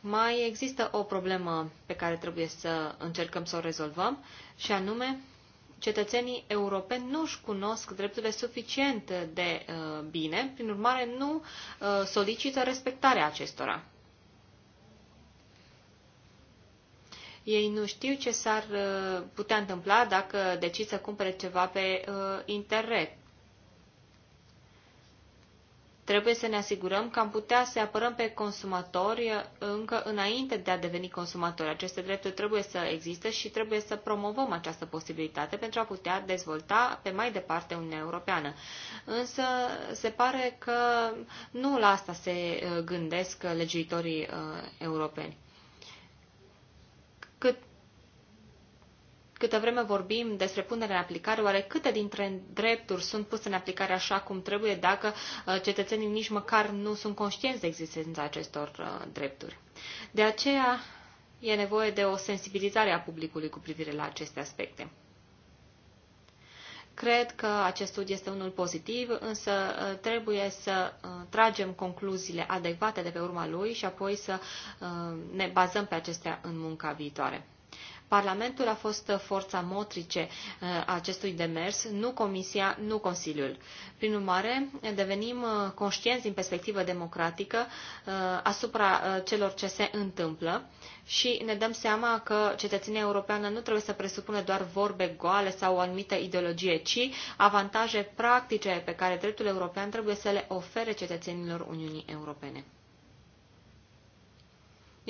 Mai există o problemă pe care trebuie să încercăm să o rezolvăm și anume cetățenii europeni nu își cunosc drepturile suficient de uh, bine, prin urmare nu solicită respectarea acestora. Ei nu știu ce s-ar uh, putea întâmpla dacă decid să cumpere ceva pe uh, internet. Trebuie să ne asigurăm că am putea să apărăm pe consumatori uh, încă înainte de a deveni consumatori. Aceste drepturi trebuie să existe și trebuie să promovăm această posibilitate pentru a putea dezvolta pe mai departe Uniunea Europeană. Însă se pare că nu la asta se gândesc legiuitorii europeni. câtă vreme vorbim despre punerea în aplicare, oare câte dintre drepturi sunt puse în aplicare așa cum trebuie dacă uh, cetățenii nici măcar nu sunt conștienți de existența acestor uh, drepturi. De aceea e nevoie de o sensibilizare a publicului cu privire la aceste aspecte. Cred că acest studiu este unul pozitiv, însă uh, trebuie să tragem concluziile adecvate de pe urma lui și apoi să ne bazăm pe acestea în munca viitoare. Parlamentul a fost forța motrice a uh, acestui demers, nu Comisia, nu Consiliul. Prin urmare, devenim uh, conștienți din perspectivă democratică uh, asupra celor ce se întâmplă și ne dăm seama că cetățenia europeană nu trebuie să presupună doar vorbe goale sau o anumită ideologie, ci avantaje practice pe care dreptul european trebuie să le ofere cetățenilor Uniunii Europene.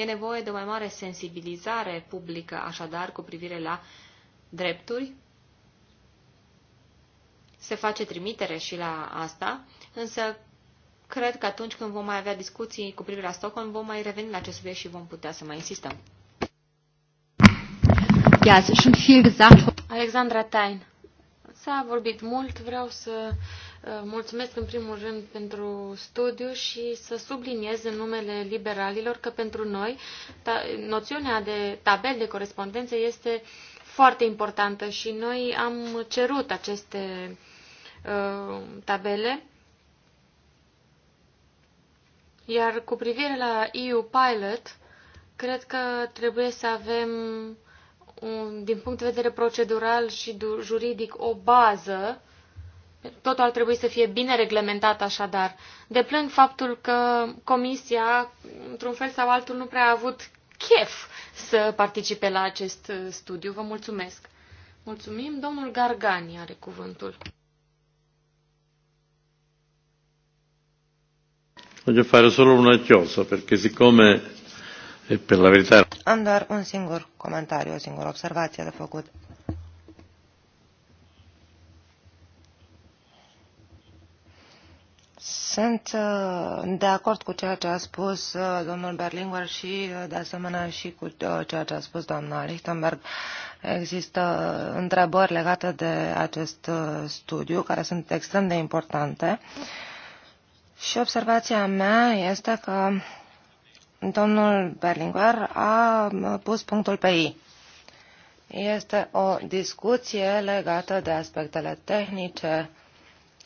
E nevoie de o mai mare sensibilizare publică, așadar, cu privire la drepturi. Se face trimitere și la asta, însă cred că atunci când vom mai avea discuții cu privire la Stockholm, vom mai reveni la acest subiect și vom putea să mai insistăm. Alexandra Tain. S-a vorbit mult, vreau să Uh, mulțumesc în primul rând pentru studiu și să subliniez în numele liberalilor că pentru noi ta, noțiunea de tabel de corespondență este foarte importantă și noi am cerut aceste uh, tabele. Iar cu privire la EU Pilot, cred că trebuie să avem, un, din punct de vedere procedural și juridic, o bază Totul ar trebui să fie bine reglementat așadar. Deplâng faptul că comisia, într-un fel sau altul, nu prea a avut chef să participe la acest uh, studiu. Vă mulțumesc. Mulțumim. Domnul Gargani are cuvântul. Voglio fare solo una chiosa, perché siccome e eh, per la verità... Am doar un singur comentariu, o singură observație de făcut. Sunt uh, de acord cu ceea ce a spus uh, domnul Berlinguer și, uh, de asemenea, și cu ceea ce a spus doamna Lichtenberg. Există întrebări legate de acest studiu, care sunt extrem de importante. Și observația mea este că domnul Berlinguer a pus punctul pe I. Este o discuție legată de aspectele tehnice,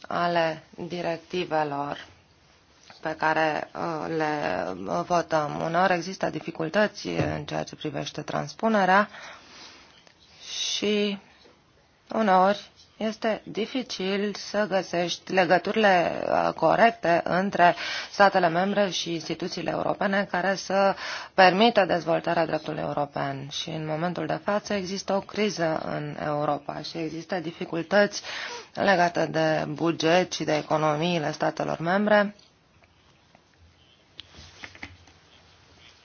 ale directivelor pe care uh, le uh, votăm. Uneori există dificultăți în ceea ce privește transpunerea și uneori este dificil să găsești legăturile uh, corecte între statele membre și instituțiile europene care să permită dezvoltarea dreptului european. Și în momentul de față există o criză în Europa și există dificultăți legate de buget și de economiile statelor membre.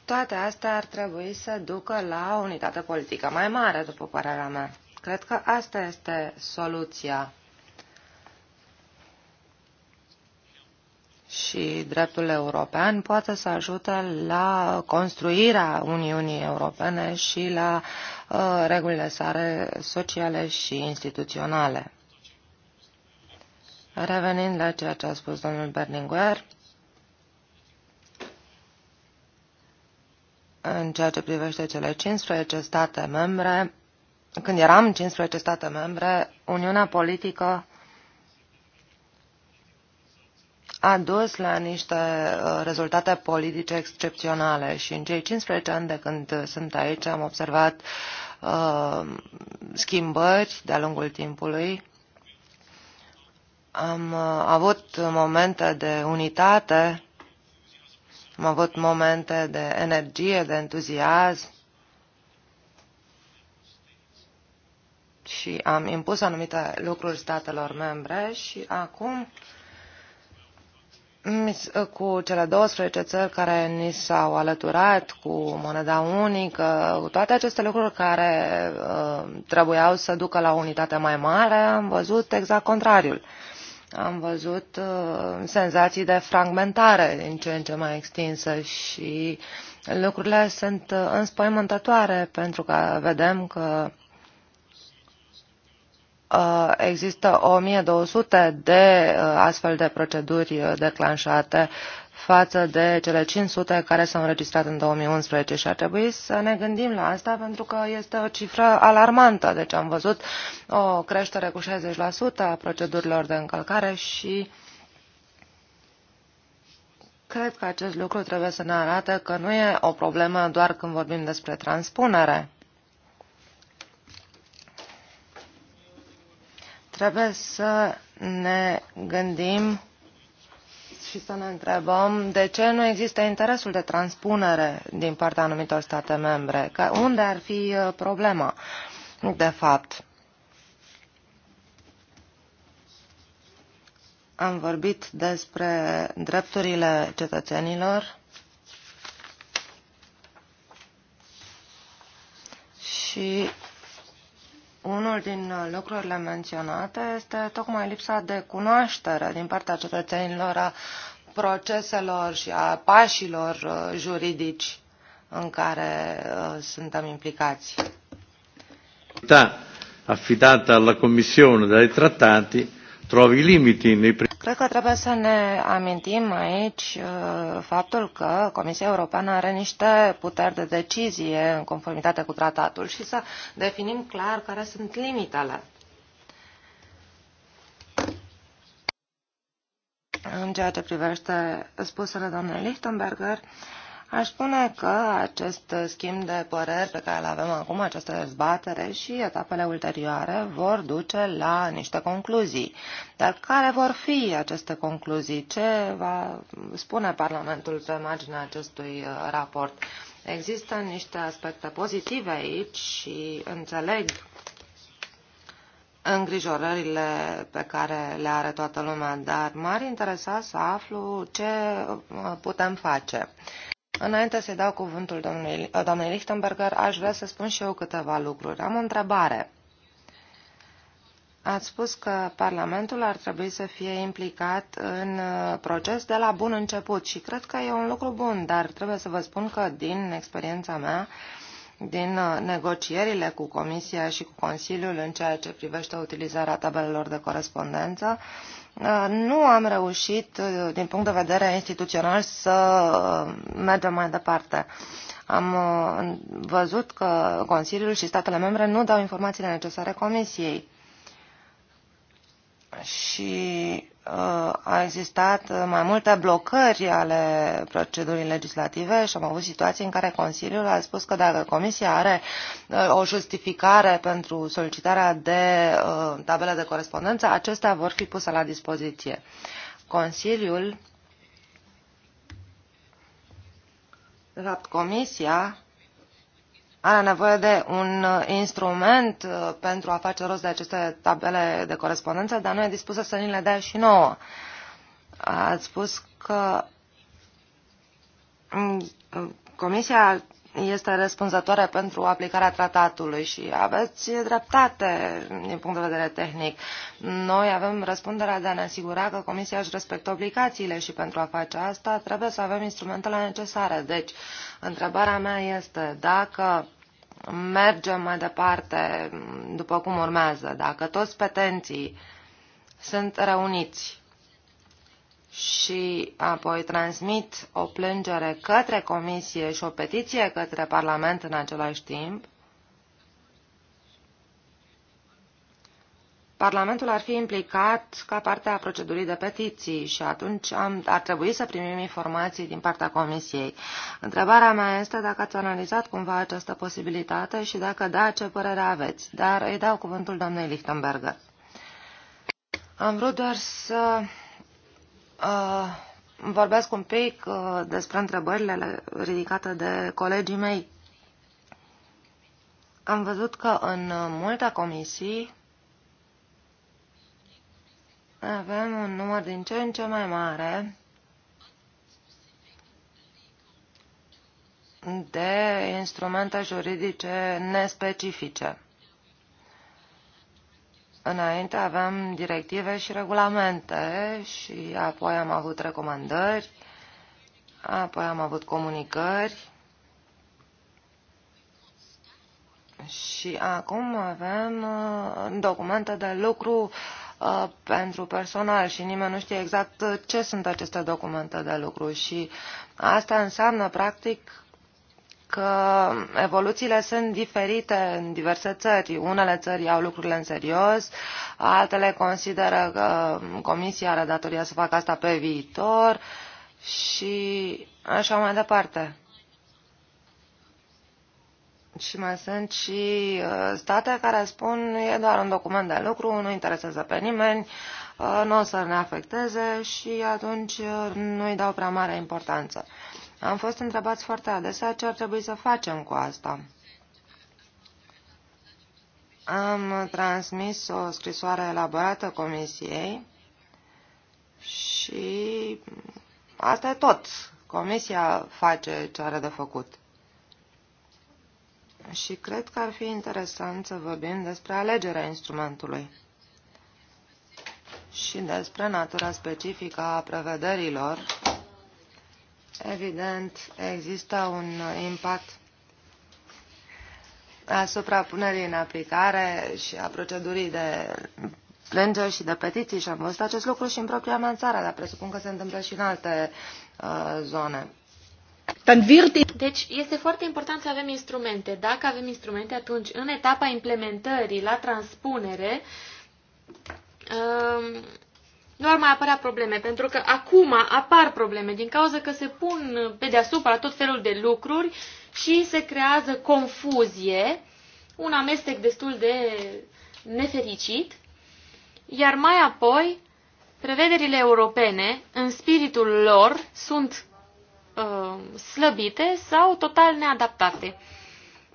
Toate astea ar trebui să ducă la o unitate politică mai mare, după părerea mea. Cred că asta este soluția. și dreptul european poate să ajute la construirea Uniunii Europene și la uh, regulile sale sociale și instituționale. Revenind la ceea ce a spus domnul Berninguer, în ceea ce privește cele 15 state membre, când eram 15 state membre, Uniunea Politică a dus la niște uh, rezultate politice excepționale și în cei 15 ani de când sunt aici am observat uh, schimbări de-a lungul timpului. Am uh, avut momente de unitate, am avut momente de energie, de entuziasm, și am impus anumite lucruri statelor membre și acum cu cele 12 țări care ni s-au alăturat, cu moneda unică, cu toate aceste lucruri care uh, trebuiau să ducă la o unitate mai mare, am văzut exact contrariul. Am văzut uh, senzații de fragmentare din ce în ce mai extinsă și lucrurile sunt uh, înspăimântătoare pentru că vedem că Uh, există 1200 de uh, astfel de proceduri uh, declanșate față de cele 500 care s-au înregistrat în 2011 și ar trebui să ne gândim la asta pentru că este o cifră alarmantă. Deci am văzut o creștere cu 60% a procedurilor de încălcare și cred că acest lucru trebuie să ne arate că nu e o problemă doar când vorbim despre transpunere Trebuie să ne gândim și să ne întrebăm de ce nu există interesul de transpunere din partea anumitor state membre. Că unde ar fi uh, problema, de fapt? Am vorbit despre drepturile cetățenilor și unul din uh, lucrurile menționate este tocmai lipsa de cunoaștere din partea cetățenilor a proceselor și a pașilor uh, juridici în care uh, suntem implicați. Da, affidata alla Commissione dai trattati trovi limiti nei Cred că trebuie să ne amintim aici uh, faptul că Comisia Europeană are niște puteri de decizie în conformitate cu tratatul și să definim clar care sunt limitele. În ceea ce privește spusele doamnei Lichtenberger, uh, Aș spune că acest schimb de păreri pe care îl avem acum, această dezbatere și etapele ulterioare vor duce la niște concluzii. Dar care vor fi aceste concluzii? Ce va spune Parlamentul pe marginea acestui uh, raport? Există niște aspecte pozitive aici și înțeleg îngrijorările pe care le are toată lumea, dar m-ar interesa să aflu ce uh, putem face. Înainte să-i dau cuvântul domnului, doamnei Lichtenberger, aș vrea să spun și eu câteva lucruri. Am o întrebare. Ați spus că Parlamentul ar trebui să fie implicat în uh, proces de la bun început și cred că e un lucru bun, dar trebuie să vă spun că din experiența mea, din uh, negocierile cu Comisia și cu Consiliul în ceea ce privește utilizarea tabelelor de corespondență, uh, nu am reușit, din punct de vedere instituțional, să mergem mai departe. Am uh, văzut că Consiliul și statele membre nu dau informațiile necesare Comisiei și uh, a existat mai multe blocări ale procedurii legislative și am avut situații în care Consiliul a spus că dacă Comisia are uh, o justificare pentru solicitarea de uh, tabele de corespondență, acestea vor fi puse la dispoziție. Consiliul, de fapt Comisia, are nevoie de un uh, instrument uh, pentru a face rost de aceste tabele de corespondență, dar nu e dispusă să ni le dea și nouă. Ați spus că mm, uh, Comisia este răspunzătoare pentru aplicarea tratatului și aveți dreptate din punct de vedere tehnic. Noi avem răspunderea de a ne asigura că Comisia își respectă obligațiile și pentru a face asta trebuie să avem instrumentele necesare. Deci, întrebarea mea este dacă mergem mai departe după cum urmează, dacă toți petenții sunt reuniți și apoi transmit o plângere către Comisie și o petiție către Parlament în același timp, Parlamentul ar fi implicat ca parte a procedurii de petiții și atunci am, ar trebui să primim informații din partea Comisiei. Întrebarea mea este dacă ați analizat cumva această posibilitate și dacă da, ce părere aveți. Dar îi dau cuvântul doamnei Lichtenberger. Am vrut doar să Uh, vorbesc un pic uh, despre întrebările ridicate de colegii mei. Am văzut că în uh, multe comisii avem un număr din ce în ce mai mare de instrumente juridice nespecifice. Înainte aveam directive și regulamente și apoi am avut recomandări, apoi am avut comunicări și acum avem uh, documente de lucru uh, pentru personal și nimeni nu știe exact ce sunt aceste documente de lucru și asta înseamnă practic că evoluțiile sunt diferite în diverse țări. Unele țări iau lucrurile în serios, altele consideră că Comisia are datoria să facă asta pe viitor și așa mai departe. Și mai sunt și uh, state care spun e doar un document de lucru, nu interesează pe nimeni, uh, nu o să ne afecteze și atunci uh, nu i dau prea mare importanță. Am fost întrebați foarte adesea ce ar trebui să facem cu asta. Am transmis o scrisoare elaborată Comisiei și asta e tot. Comisia face ce are de făcut. Și cred că ar fi interesant să vorbim despre alegerea instrumentului și despre natura specifică a prevederilor Evident, există un impact asupra punerii în aplicare și a procedurii de plângeri și de petiții și am văzut acest lucru și în propria mea țară, dar presupun că se întâmplă și în alte uh, zone. Deci este foarte important să avem instrumente. Dacă avem instrumente, atunci în etapa implementării la transpunere, uh, nu ar mai apărea probleme, pentru că acum apar probleme din cauza că se pun pe deasupra tot felul de lucruri și se creează confuzie, un amestec destul de nefericit, iar mai apoi prevederile europene, în spiritul lor, sunt uh, slăbite sau total neadaptate.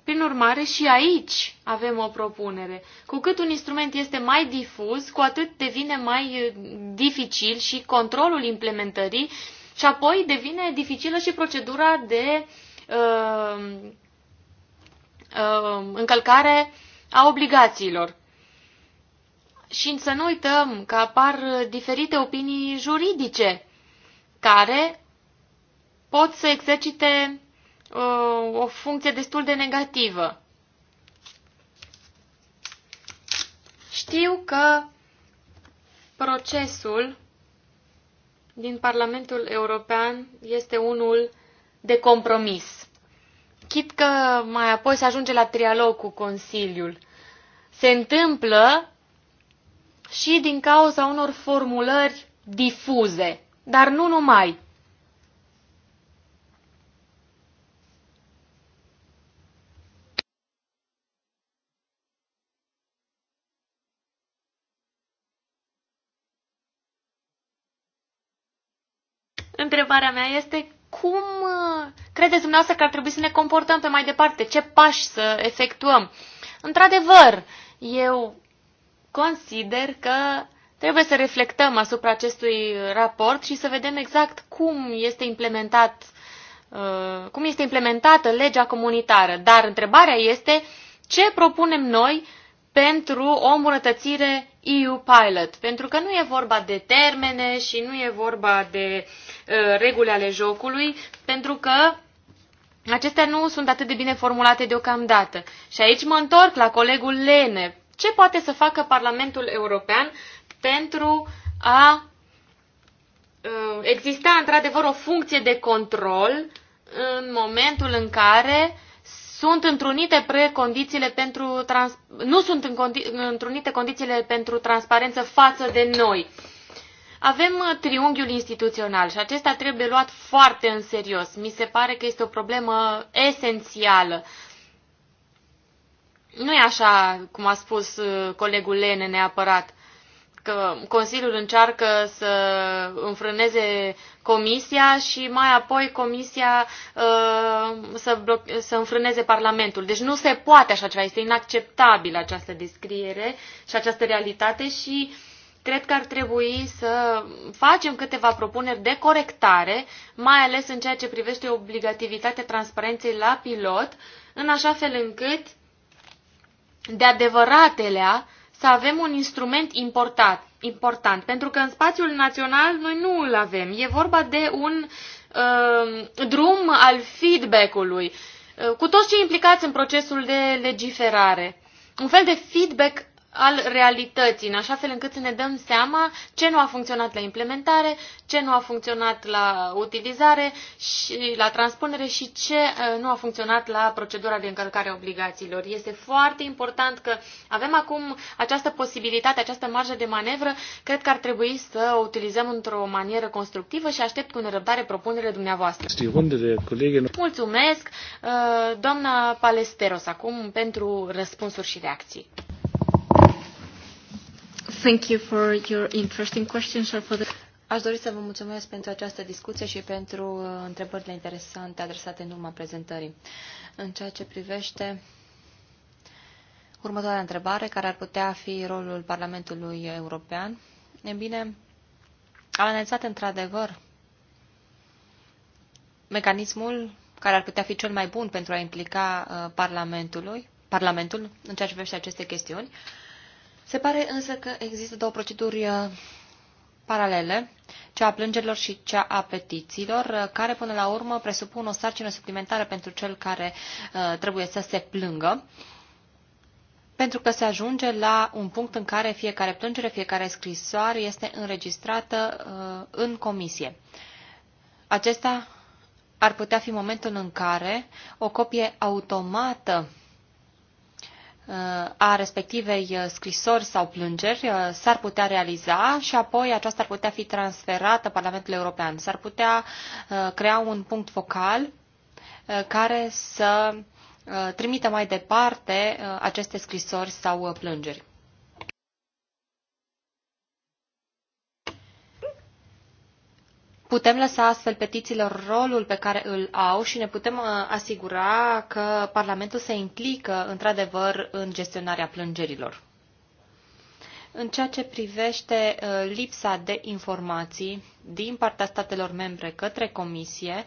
Prin urmare, și aici avem o propunere. Cu cât un instrument este mai difuz, cu atât devine mai eh, dificil și controlul implementării și apoi devine dificilă și procedura de uh, uh, încălcare a obligațiilor. Și să nu uităm că apar diferite opinii juridice care pot să exercite Uh, o funcție destul de negativă. Știu că procesul din Parlamentul European este unul de compromis. Chit că mai apoi se ajunge la trialog cu Consiliul. Se întâmplă și din cauza unor formulări difuze, dar nu numai. Întrebarea mea este cum uh, credeți dumneavoastră că ar trebui să ne comportăm pe mai departe? Ce pași să efectuăm? Într-adevăr, eu consider că trebuie să reflectăm asupra acestui raport și să vedem exact cum este implementat uh, cum este implementată legea comunitară. Dar întrebarea este ce propunem noi pentru o îmbunătățire EU Pilot, pentru că nu e vorba de termene și nu e vorba de uh, reguli ale jocului, pentru că acestea nu sunt atât de bine formulate deocamdată. Și aici mă întorc la colegul Lene. Ce poate să facă Parlamentul European pentru a uh, exista într-adevăr o funcție de control în momentul în care sunt întrunite precondițiile pentru trans, nu sunt în condi, întrunite condițiile pentru transparență față de noi. Avem uh, triunghiul instituțional și acesta trebuie luat foarte în serios. Mi se pare că este o problemă esențială. Nu e așa cum a spus uh, colegul Lene neapărat că Consiliul încearcă să înfrâneze Comisia și mai apoi Comisia uh, să, să înfrâneze Parlamentul. Deci nu se poate așa ceva. Este inacceptabilă această descriere și această realitate și cred că ar trebui să facem câteva propuneri de corectare, mai ales în ceea ce privește obligativitatea transparenței la pilot, în așa fel încât de adevăratelea să avem un instrument importat, important, pentru că în spațiul național noi nu îl avem. E vorba de un uh, drum al feedback-ului, uh, cu toți cei implicați în procesul de legiferare. Un fel de feedback al realității, în așa fel încât să ne dăm seama ce nu a funcționat la implementare, ce nu a funcționat la utilizare și la transpunere și ce uh, nu a funcționat la procedura de încălcare a obligațiilor. Este foarte important că avem acum această posibilitate, această marjă de manevră, cred că ar trebui să o utilizăm într-o manieră constructivă și aștept cu nerăbdare propunerile dumneavoastră. Mulțumesc, uh, doamna Palesteros, acum pentru răspunsuri și reacții. Thank you for your interesting questions or for the... Aș dori să vă mulțumesc pentru această discuție și pentru uh, întrebările interesante adresate în urma prezentării. În ceea ce privește următoarea întrebare, care ar putea fi rolul Parlamentului European, e bine, am analizat într-adevăr mecanismul care ar putea fi cel mai bun pentru a implica uh, Parlamentului, Parlamentul în ceea ce privește aceste chestiuni. Uh, se pare însă că există două proceduri uh, paralele, cea a plângerilor și cea a petițiilor, uh, care până la urmă presupun o sarcină suplimentară pentru cel care uh, trebuie să se plângă, pentru că se ajunge la un punct în care fiecare plângere, fiecare scrisoare este înregistrată în comisie. Acesta ar putea fi momentul în care o copie automată a respectivei uh, scrisori sau plângeri uh, s-ar putea realiza și apoi aceasta ar putea fi transferată Parlamentului European. S-ar putea uh, crea un punct focal care să trimită mai departe aceste scrisori sau plângeri. Putem lăsa astfel petițiilor rolul pe care îl au și ne putem uh, asigura că Parlamentul se implică într-adevăr în gestionarea plângerilor. În ceea ce privește uh, lipsa de informații din partea statelor membre către Comisie,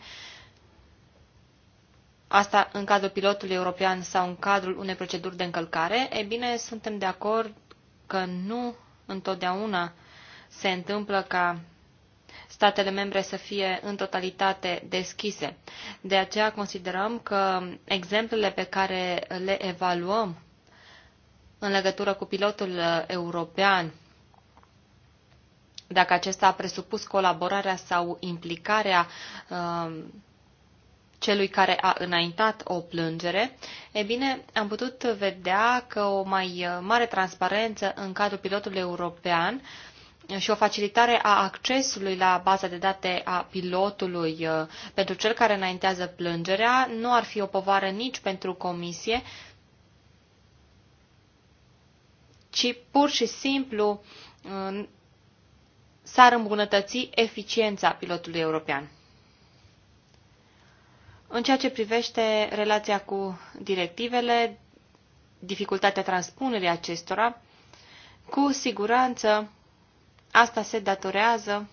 asta în cadrul pilotului european sau în cadrul unei proceduri de încălcare, e bine, suntem de acord că nu întotdeauna se întâmplă ca statele membre să fie în totalitate deschise. De aceea considerăm că exemplele pe care le evaluăm în legătură cu pilotul uh, european, dacă acesta a presupus colaborarea sau implicarea uh, celui care a înaintat o plângere, e bine, am putut vedea că o mai uh, mare transparență în cadrul pilotului european uh, și o facilitare a accesului la baza de date a pilotului uh, pentru cel care înaintează plângerea nu ar fi o povară nici pentru comisie, ci pur și simplu uh, s-ar îmbunătăți eficiența pilotului european. În ceea ce privește relația cu directivele, dificultatea transpunerii acestora, cu siguranță Asta se datorează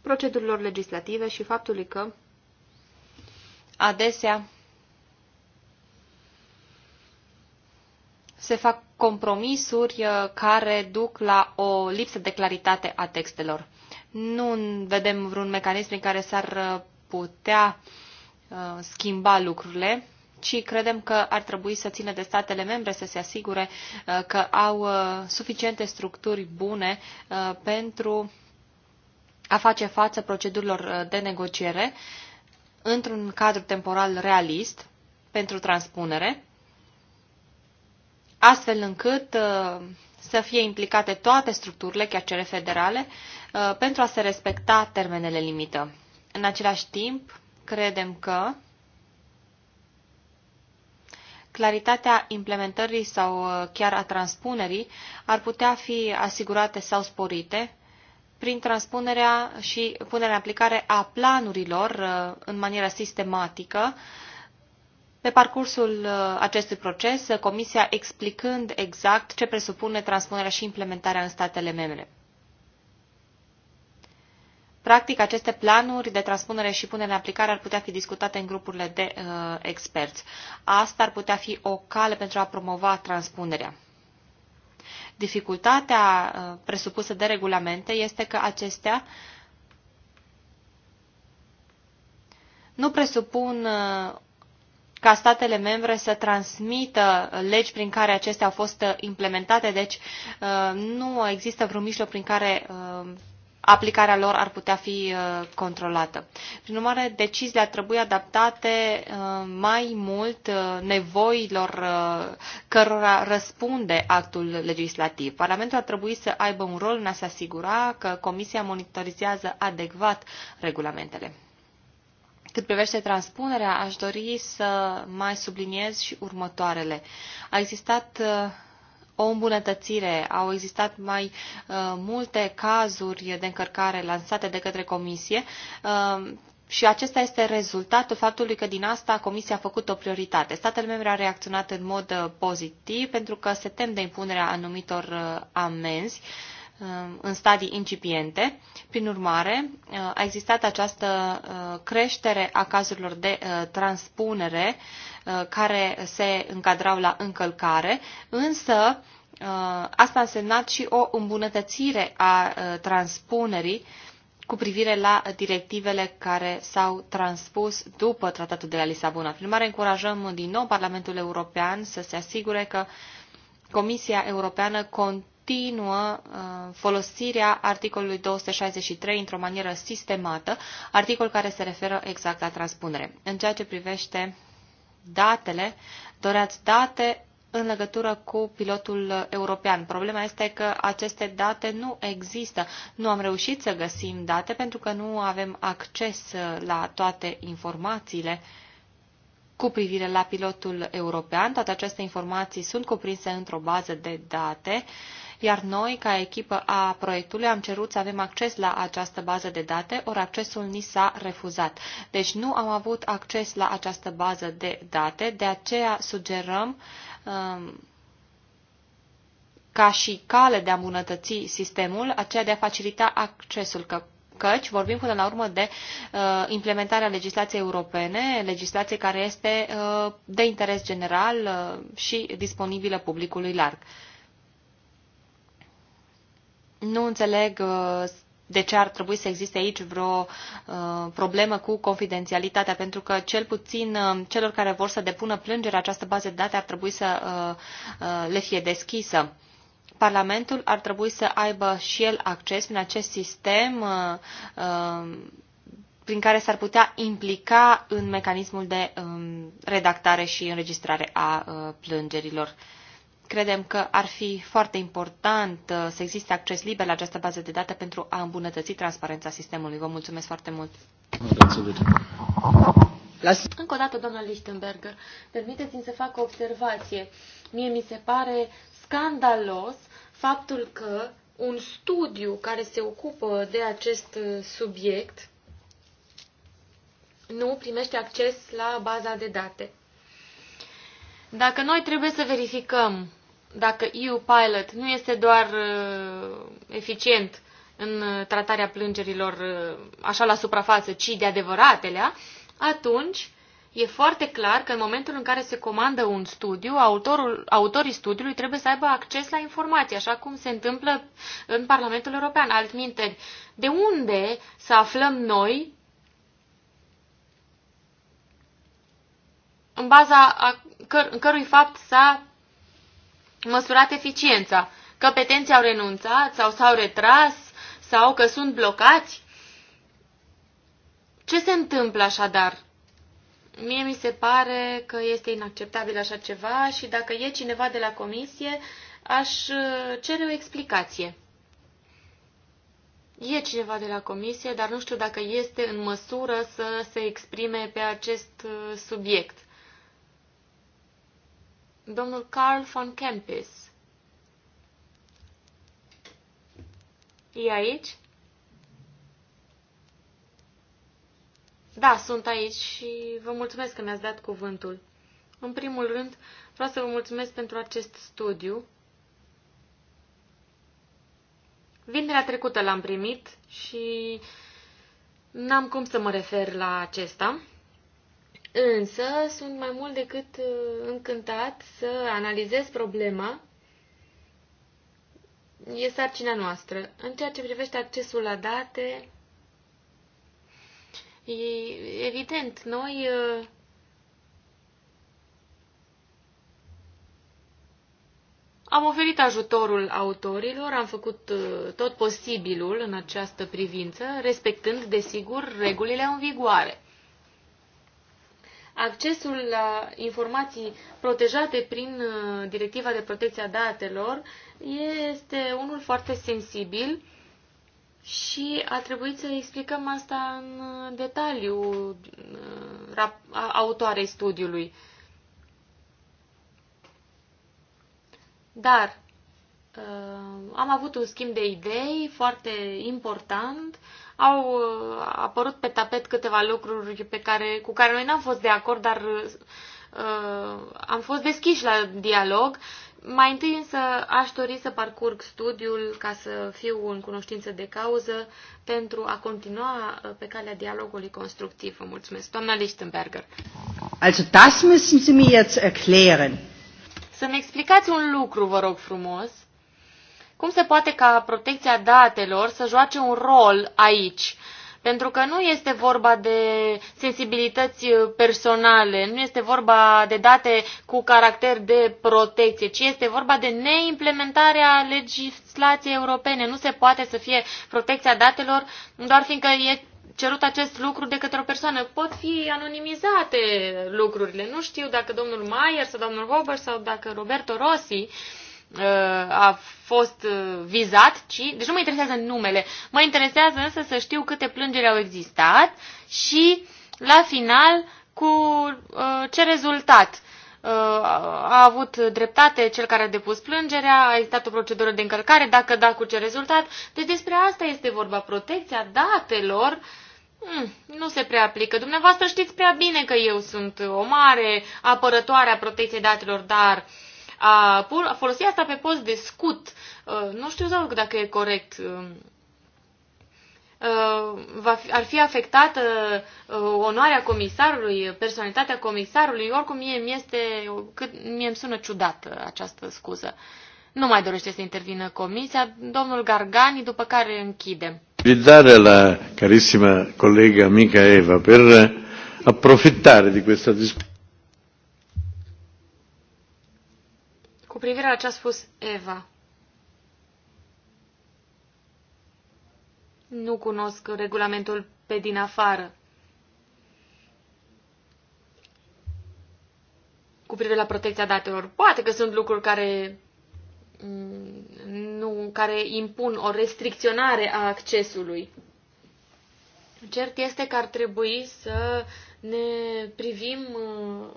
procedurilor legislative și faptului că adesea se fac compromisuri uh, care duc la o lipsă de claritate a textelor. Nu vedem vreun mecanism prin care s-ar uh, putea uh, schimba lucrurile ci credem că ar trebui să țină de statele membre să se asigure uh, că au uh, suficiente structuri bune uh, pentru a face față procedurilor de negociere într-un cadru temporal realist pentru transpunere, astfel încât să fie implicate toate structurile, chiar cele federale, pentru a se respecta termenele limită. În același timp, credem că claritatea implementării sau uh, chiar a transpunerii ar putea fi asigurate sau sporite prin transpunerea și punerea în aplicare a planurilor uh, în manieră sistematică. Pe parcursul uh, acestui proces, Comisia explicând exact ce presupune transpunerea și implementarea în statele membre. Practic, aceste planuri de transpunere și punere în aplicare ar putea fi discutate în grupurile de uh, experți. Asta ar putea fi o cale pentru a promova transpunerea. Dificultatea uh, presupusă de regulamente este că acestea nu presupun uh, ca statele membre să transmită legi prin care acestea au fost uh, implementate, deci nu există vreun mijloc prin care aplicarea lor ar putea fi uh, controlată. Prin urmare, deciziile ar trebui adaptate uh, mai mult uh, nevoilor cărora răspunde actul legislativ. Parlamentul ar trebui să aibă un rol în a se asigura că Comisia monitorizează adecvat regulamentele. Cât privește transpunerea, aș dori să mai subliniez și următoarele. A existat o îmbunătățire. Au existat mai uh, multe cazuri de încărcare lansate de către comisie. Uh, și acesta este rezultatul faptului că din asta Comisia a făcut o prioritate. Statele membre a reacționat în mod uh, pozitiv pentru că se tem de impunerea anumitor uh, amenzi uh, în stadii incipiente. Prin urmare, a existat această creștere a cazurilor de transpunere care se încadrau la încălcare, însă Uh, asta a însemnat și o îmbunătățire a uh, transpunerii cu privire la directivele care s-au transpus după Tratatul de la Lisabona. Prin urmare, încurajăm din nou Parlamentul European să se asigure că Comisia Europeană continuă uh, folosirea articolului 263 într-o manieră sistemată, articol care se referă exact la transpunere. În ceea ce privește datele, doreați date în legătură cu pilotul european. Problema este că aceste date nu există. Nu am reușit să găsim date pentru că nu avem acces la toate informațiile cu privire la pilotul european. Toate aceste informații sunt cuprinse într-o bază de date uh, iar noi, ca echipă a proiectului, am cerut să avem acces la această bază de date, ori accesul ni s-a refuzat. Deci nu am avut acces la această bază de date, de aceea sugerăm um, ca și cale de a îmbunătăți sistemul, aceea de a facilita accesul, că căci vorbim până la urmă de uh, implementarea legislației europene, legislație care este uh, de interes general uh, și disponibilă publicului larg. Nu înțeleg uh, de ce ar trebui să existe aici vreo uh, problemă cu confidențialitatea, pentru că cel puțin uh, celor care vor să depună plângere această bază de date ar trebui să uh, uh, le fie deschisă. Parlamentul ar trebui să aibă și el acces prin acest sistem uh, uh, prin care s-ar putea implica în mecanismul de um, redactare și înregistrare a uh, plângerilor. Uh, Credem că ar fi foarte important uh, să existe acces liber la această bază de date pentru a îmbunătăți transparența sistemului. Vă mulțumesc foarte mult! Las... Încă o dată, doamna Lichtenberger, permiteți-mi să fac o observație. Mie mi se pare scandalos faptul că un studiu care se ocupă de acest uh, subiect nu primește acces la baza de date. Dacă noi trebuie să verificăm dacă EU Pilot nu este doar uh, eficient în uh, tratarea plângerilor uh, așa la suprafață, ci de adevăratele, atunci e foarte clar că în momentul în care se comandă un studiu, autorul, autorii studiului trebuie să aibă acces la informații, așa cum se întâmplă în Parlamentul European. Altminte, de unde să aflăm noi în baza a căr- în cărui fapt s-a măsurat eficiența, că petenții au renunțat sau s-au retras sau că sunt blocați? Ce se întâmplă așadar? Mie mi se pare că este inacceptabil așa ceva și dacă e cineva de la comisie, aș uh, cere o explicație. E cineva de la comisie, dar nu știu dacă este în măsură să se exprime pe acest uh, subiect domnul Carl von Kempis. E aici? Da, sunt aici și vă mulțumesc că mi-ați dat cuvântul. În primul rând, vreau să vă mulțumesc pentru acest studiu. Vinerea trecută l-am primit și n-am cum să mă refer la acesta. Însă sunt mai mult decât uh, încântat să analizez problema. E sarcina noastră. În ceea ce privește accesul la date, e evident, noi uh, Am oferit ajutorul autorilor, am făcut uh, tot posibilul în această privință, respectând, desigur, regulile în vigoare accesul la informații protejate prin uh, Directiva de Protecție a Datelor este unul foarte sensibil și a trebuit să explicăm asta în uh, detaliu uh, autoarei studiului. Dar am avut un schimb de idei foarte important, au uh, apărut pe tapet câteva lucruri pe care, cu care noi n-am fost de acord, dar uh, am fost deschiși la dialog. Mai întâi însă aș dori să parcurg studiul ca să fiu în cunoștință de cauză pentru a continua uh, pe calea dialogului constructiv. Vă mulțumesc. Doamna Lichtenberger. Also das müssen Sie mir jetzt erklären. Să-mi explicați un lucru, vă rog frumos. Cum se poate ca protecția datelor să joace un rol aici? Pentru că nu este vorba de sensibilități uh, personale, nu este vorba de date cu caracter de protecție, ci este vorba de neimplementarea legislației europene. Nu se poate să fie protecția datelor doar fiindcă e cerut acest lucru de către o persoană. Pot fi anonimizate lucrurile. Nu știu dacă domnul Mayer sau domnul Robert sau dacă Roberto Rossi uh, a fost uh, vizat, ci, deci nu mă interesează numele, mă interesează însă să știu câte plângeri au existat și la final cu uh, ce rezultat uh, a avut dreptate cel care a depus plângerea, a existat o procedură de încălcare, dacă da, cu ce rezultat. Deci despre asta este vorba, protecția datelor Hmm, nu se prea aplică. Dumneavoastră știți prea bine că eu sunt o mare apărătoare a protecției datelor, dar uh, a, pur, a folosi asta pe post de scut, uh, nu știu dacă e corect. Um, uh, va fi, ar fi afectată uh, onoarea comisarului, personalitatea comisarului, oricum mie mi este, cât mie îmi sună ciudată această scuză. Nu mai dorește să intervină comisia, domnul Gargani, după care închidem. Utilizzare la carissima collega amica Eva per approfittare di questa discussione. cu privire la ce a spus Eva. Nu cunosc regulamentul pe din afară. Cu privire la protecția datelor. Poate că sunt lucruri care, mm, nu, care impun o restricționare a accesului. Cert este că ar trebui să ne privim uh,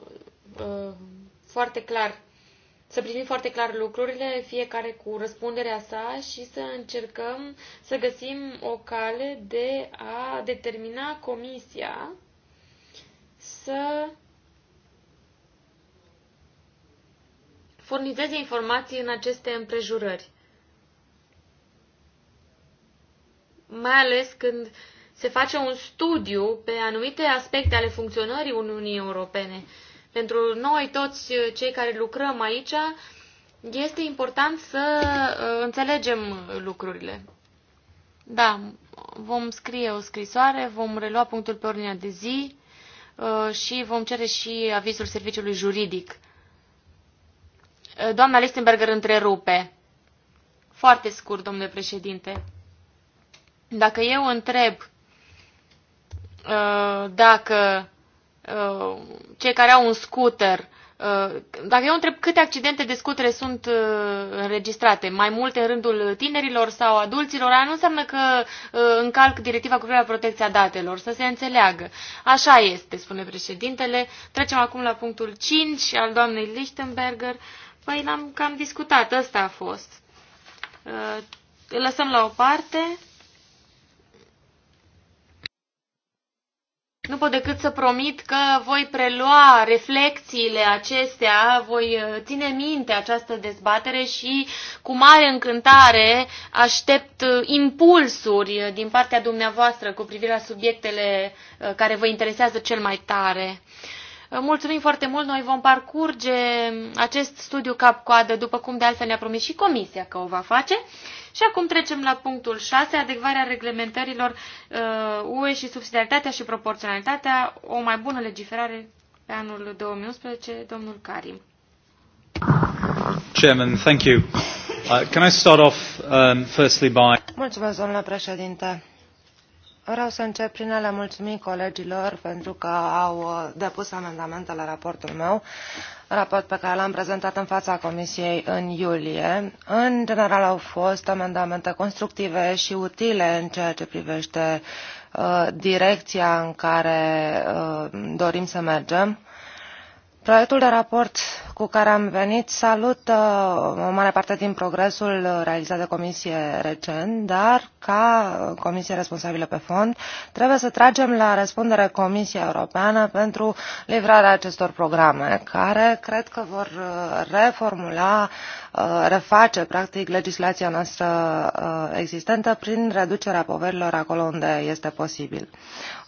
uh, foarte clar să privim foarte clar lucrurile, fiecare cu răspunderea sa și să încercăm să găsim o cale de a determina comisia să furnizeze informații în aceste împrejurări. Mai ales când se face un studiu pe anumite aspecte ale funcționării Uniunii Europene. Uh, pentru noi toți eh, cei care lucrăm aici, este important să eh, înțelegem lucrurile. Da, vom scrie o scrisoare, vom relua punctul pe ordinea de zi eh, și vom cere și avizul serviciului juridic. Doamna Listenberger întrerupe. Foarte scurt, domnule președinte. Dacă eu întreb dacă Uh, cei care au un scooter, uh, dacă eu întreb câte accidente de scutere sunt uh, înregistrate, mai multe în rândul tinerilor sau adulților, aia nu înseamnă că încalc directiva cu privire la protecția datelor, să se înțeleagă. Așa este, spune președintele. Trecem acum la punctul 5 al doamnei Lichtenberger. Păi l-am cam discutat, ăsta a fost. Îl lăsăm la o parte. Nu pot decât să promit că voi prelua reflexiile acestea, voi uh, ține minte această dezbatere și cu mare încântare aștept uh, impulsuri uh, din partea dumneavoastră cu privire la subiectele care vă interesează cel mai tare. Mulțumim foarte mult, noi vom parcurge acest studiu cap-coadă, după cum de altfel ne-a promis și Comisia că o va face. Și acum trecem la punctul 6, adecvarea reglementărilor uh, UE și subsidiaritatea și proporționalitatea, o mai bună legiferare pe anul 2011, domnul Karim. Chairman, thank you. Uh, can I start off um, firstly by... Mulțumesc, domnule președinte. Vreau să încep prin a le mulțumi colegilor pentru că au uh, depus amendamente la raportul meu, raport pe care l-am prezentat în fața Comisiei în iulie. În general au fost amendamente constructive și utile în ceea ce privește uh, direcția în care uh, dorim să mergem. Uh, Proiectul de raport cu care am venit salută o mare parte din progresul realizat de comisie recent, dar ca comisie responsabilă pe fond trebuie să tragem la răspundere Comisia Europeană pentru livrarea acestor programe, care cred că vor reformula, reface practic legislația noastră existentă prin reducerea poverilor acolo unde este posibil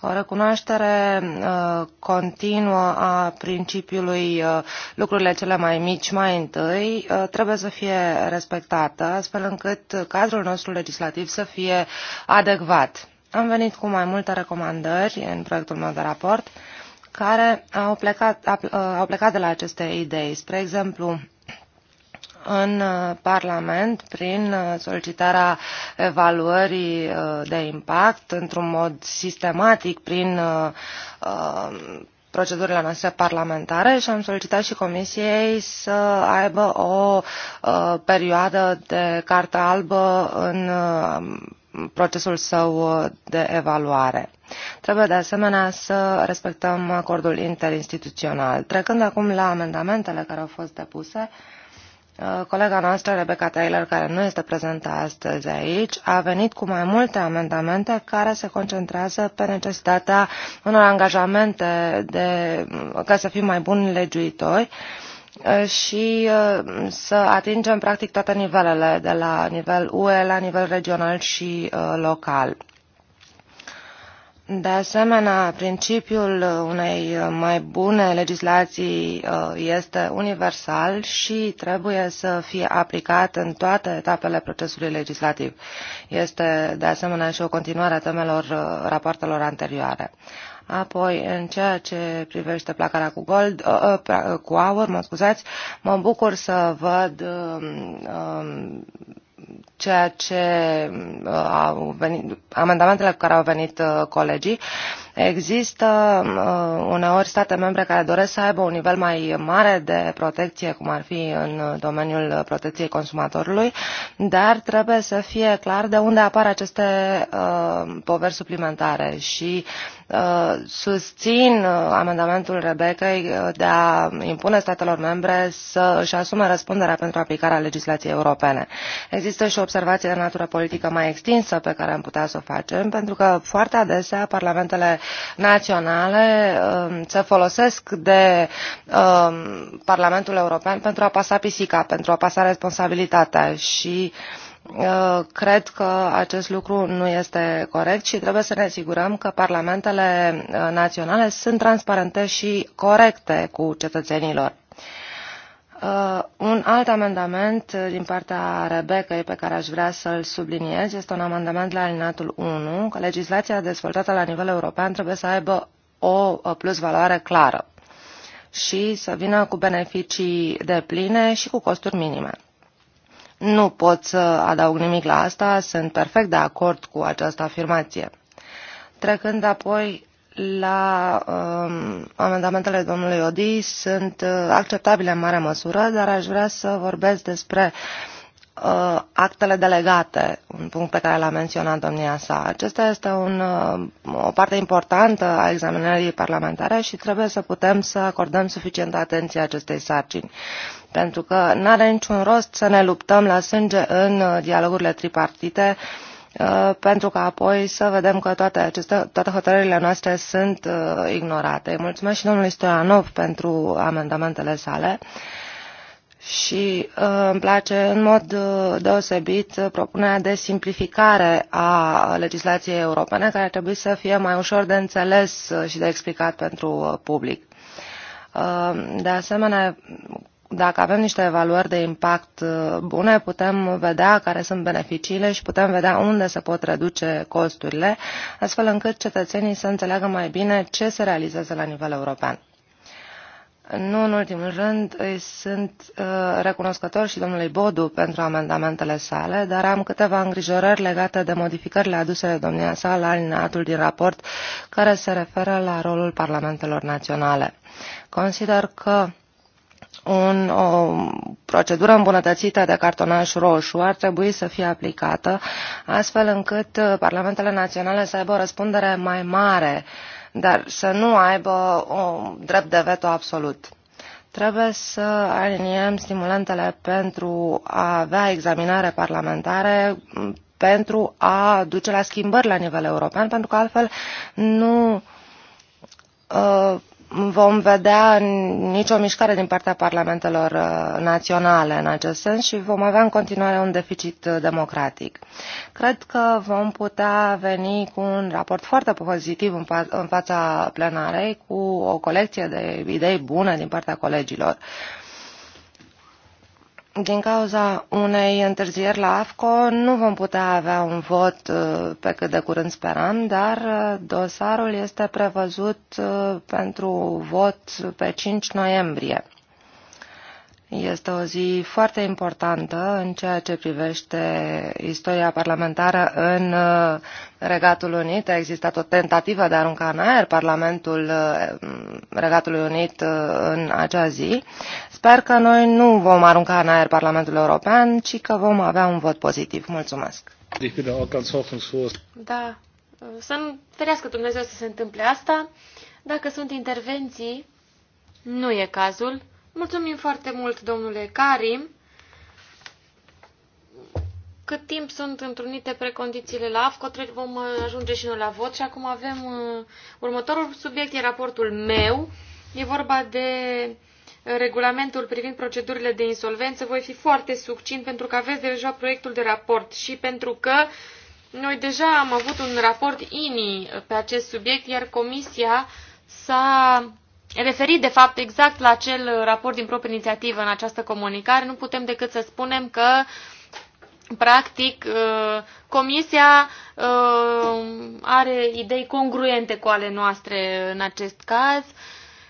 o recunoaștere uh, continuă a principiului uh, lucrurile cele mai mici mai întâi uh, trebuie să fie respectată, astfel încât cadrul nostru legislativ să fie adecvat. Am venit cu mai multe recomandări în proiectul meu de raport care au plecat, au plecat de la aceste idei. Spre exemplu, în uh, Parlament prin uh, solicitarea evaluării uh, de impact într-un mod sistematic prin procedurile noastre parlamentare și am solicitat și Comisiei să aibă o perioadă de carte albă în procesul său de evaluare. Trebuie de asemenea să respectăm acordul interinstituțional. Trecând acum la amendamentele care au fost depuse, Uh, colega noastră, Rebecca Taylor, care nu este prezentă astăzi aici, a venit cu mai multe amendamente care se concentrează pe necesitatea unor angajamente de, ca să fim mai buni legiuitori uh, și uh, să atingem practic toate nivelele, de la nivel UE la nivel regional și local. De asemenea, principiul uh, unei uh, mai bune legislații uh, este universal și trebuie să fie aplicat în toate etapele procesului legislativ. Este, de asemenea, și o continuare a temelor rapoartelor anterioare. Apoi, în ceea ce privește placarea cu gold, cu aur, mă scuzați, mă bucur să văd um, um, ceea ce uh, au venit, amendamentele cu care au venit uh, colegii. Există uh, uneori state membre care doresc să aibă un nivel mai mare de protecție, cum ar fi în domeniul protecției consumatorului, dar trebuie să fie clar de unde apar aceste uh, poveri suplimentare și uh, susțin amendamentul Rebecăi de a impune statelor membre să își asume răspunderea pentru aplicarea legislației europene. Există și o de natură politică mai extinsă pe care am putea să o facem, pentru că foarte adesea parlamentele naționale um, se folosesc de um, Parlamentul European pentru a pasa pisica, pentru a pasa responsabilitatea și uh, cred că acest lucru nu este corect și trebuie să ne asigurăm că parlamentele uh, naționale sunt transparente și corecte cu cetățenilor. Uh, un alt amendament uh, din partea Rebecăi pe care aș vrea să-l subliniez este un amendament la alinatul 1, că legislația dezvoltată la nivel european trebuie să aibă o uh, plusvaloare clară și să vină cu beneficii de pline și cu costuri minime. Nu pot să adaug nimic la asta, sunt perfect de acord cu această afirmație. Trecând apoi la um, amendamentele domnului Odi sunt uh, acceptabile în mare măsură, dar aș vrea să vorbesc despre uh, actele delegate, un punct pe care l-a menționat domnia sa. Acesta este un, uh, o parte importantă a examinării parlamentare și trebuie să putem să acordăm suficientă atenție acestei sarcini. Pentru că nu are niciun rost să ne luptăm la sânge în uh, dialogurile tripartite uh, Uh, pentru că apoi să vedem că toate, aceste, toate hotărârile noastre sunt uh, ignorate. mulțumesc și domnului Stoianov pentru amendamentele sale și uh, îmi place în mod deosebit propunerea de simplificare a legislației europene, care ar trebui să fie mai ușor de înțeles și de explicat pentru public. De asemenea, dacă avem niște evaluări de impact uh, bune, putem vedea care sunt beneficiile și putem vedea unde se pot reduce costurile, astfel încât cetățenii să înțeleagă mai bine ce se realizează la nivel european. Nu în ultimul rând, îi sunt uh, recunoscător și domnului Bodu pentru amendamentele sale, dar am câteva îngrijorări legate de modificările aduse de domnia sa la alineatul din raport care se referă la rolul parlamentelor naționale. Consider că un, o procedură îmbunătățită de cartonaș roșu ar trebui să fie aplicată, astfel încât uh, parlamentele naționale să aibă o răspundere mai mare, dar să nu aibă o drept de veto absolut. Trebuie să aliniem stimulentele pentru a avea examinare parlamentare pentru a duce la schimbări la nivel european, pentru că altfel nu uh, vom vedea nicio mișcare din partea parlamentelor uh, naționale în acest sens și vom avea în continuare un deficit uh, democratic. Cred că vom putea veni cu un raport foarte pozitiv în, fața plenarei, cu o colecție de idei bune din partea colegilor. Uh, din cauza unei întârzieri la AFCO nu vom putea avea un vot uh, pe cât de curând speram, dar uh, dosarul este prevăzut uh, pentru vot pe 5 noiembrie. Este o zi foarte importantă în ceea ce privește istoria parlamentară în uh, Regatul Unit. A existat o tentativă de a arunca în aer Parlamentul uh, mm, Regatului Unit uh, în acea zi. Sper că noi nu vom arunca în aer Parlamentul European, ci că vom avea un vot pozitiv. Mulțumesc! Da, să nu ferească Dumnezeu să se întâmple asta. Dacă sunt intervenții, nu e cazul. Mulțumim foarte mult, domnule Karim. Cât timp sunt întrunite precondițiile la AFCO, vom ajunge și noi la vot și acum avem uh, următorul subiect, e raportul meu. E vorba de uh, regulamentul privind procedurile de insolvență. Voi fi foarte succint pentru că aveți deja proiectul de raport și pentru că noi deja am avut un raport INI pe acest subiect, iar comisia s-a referit, de fapt, exact la acel raport din proprie inițiativă în această comunicare, nu putem decât să spunem că, practic, uh, Comisia uh, are idei congruente cu ale noastre în acest caz.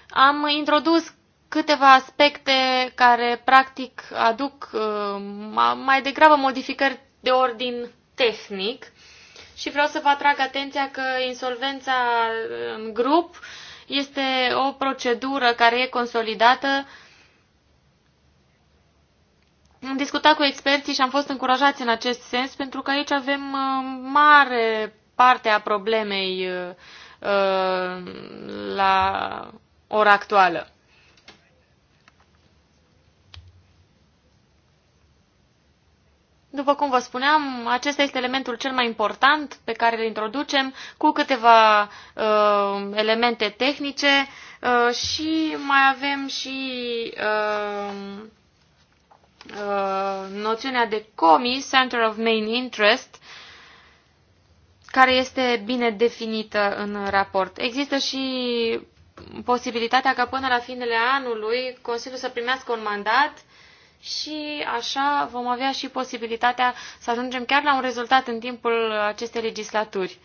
Am introdus câteva aspecte care, practic, aduc uh, mai degrabă modificări de ordin tehnic și vreau să vă atrag atenția că insolvența în grup uh, este o procedură care e consolidată. Am discutat cu experții și am fost încurajați în acest sens pentru că aici avem uh, mare parte a problemei uh, uh, la ora actuală. După cum vă spuneam, acesta este elementul cel mai important pe care îl introducem cu câteva uh, elemente tehnice uh, și mai avem și uh, uh, noțiunea de COMI, Center of Main Interest, care este bine definită în raport. Există și posibilitatea ca până la finele anului Consiliul să primească un mandat uh, și așa vom avea și posibilitatea să ajungem chiar la un rezultat în timpul acestei legislaturi.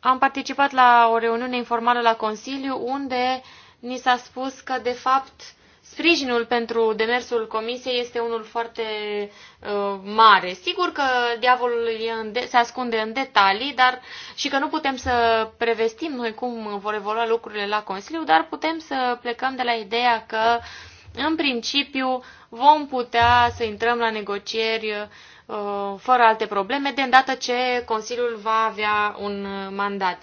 Am participat la o reuniune informală la Consiliu unde ni s-a spus că, de fapt, sprijinul pentru demersul Comisiei este unul foarte uh, mare. Sigur că diavolul e în de- se ascunde în detalii dar și că nu putem să prevestim noi cum vor evolua lucrurile la Consiliu, dar putem să plecăm de la ideea că uh, în principiu vom putea să intrăm la negocieri uh, fără alte probleme, de îndată ce Consiliul va avea un uh, mandat.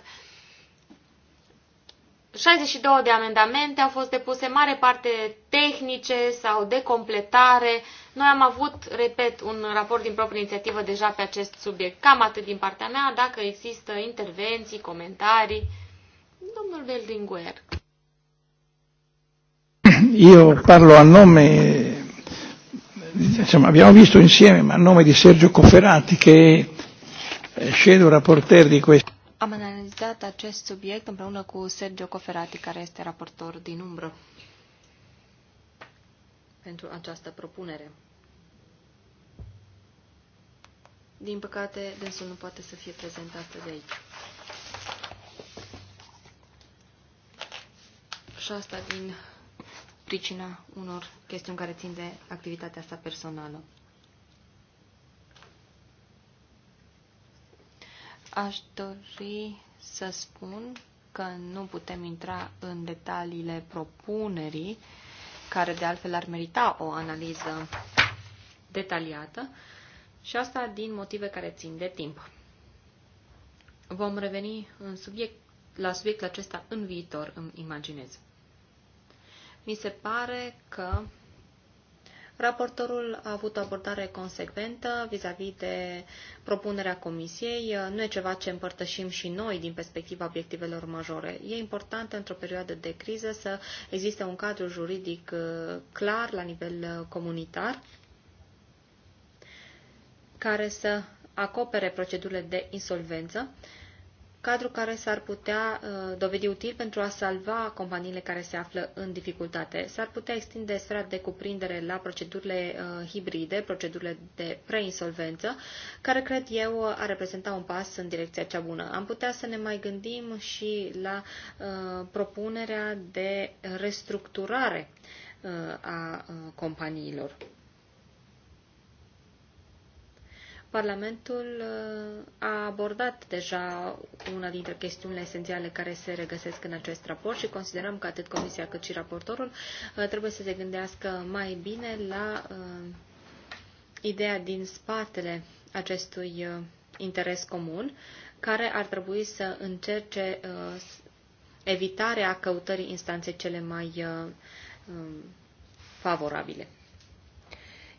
62 de amendamente au fost depuse, mare parte tehnice sau de completare. Noi am avut, repet, un raport din proprie inițiativă deja pe acest subiect. Cam atât din partea mea, dacă există intervenții, comentarii. Domnul Belringuer io parlo a nome, diciamo, abbiamo visto insieme, ma a nome di Sergio Cofferati che è shadow rapporteur di questo. Am analizat acest subiect împreună cu Sergio Coferati, care este raportor din umbră pentru această propunere. Din păcate, dânsul nu poate să fie prezentat de aici. Și asta din pricina unor chestiuni care țin de activitatea sa personală. Aș dori să spun că nu putem intra în detaliile propunerii, care de altfel ar merita o analiză detaliată, și asta din motive care țin de timp. Vom reveni în subiect, la subiectul acesta în viitor, îmi imaginez. Mi se pare că Raportorul a avut o abordare consecventă vis-a-vis -vis de propunerea comisiei. Nu e ceva ce împărtășim și noi din perspectiva obiectivelor majore. E important într-o perioadă de criză să existe un cadru juridic uh, clar la nivel uh, comunitar care să acopere procedurile de insolvență cadru care s-ar putea uh, dovedi util pentru a salva companiile care se află în dificultate. S-ar putea extinde sfera de cuprindere la procedurile uh, hibride, procedurile de preinsolvență, care cred eu ar reprezenta un pas în direcția cea bună. Am putea să ne mai gândim și la uh, propunerea de restructurare uh, a uh, companiilor. Parlamentul uh, a abordat deja una dintre chestiunile esențiale care se regăsesc în acest raport și considerăm că atât Comisia cât și raportorul uh, trebuie să se gândească mai bine la uh, ideea din spatele acestui interes comun, care ar trebui să încerce evitarea căutării instanței cele mai um, favorabile.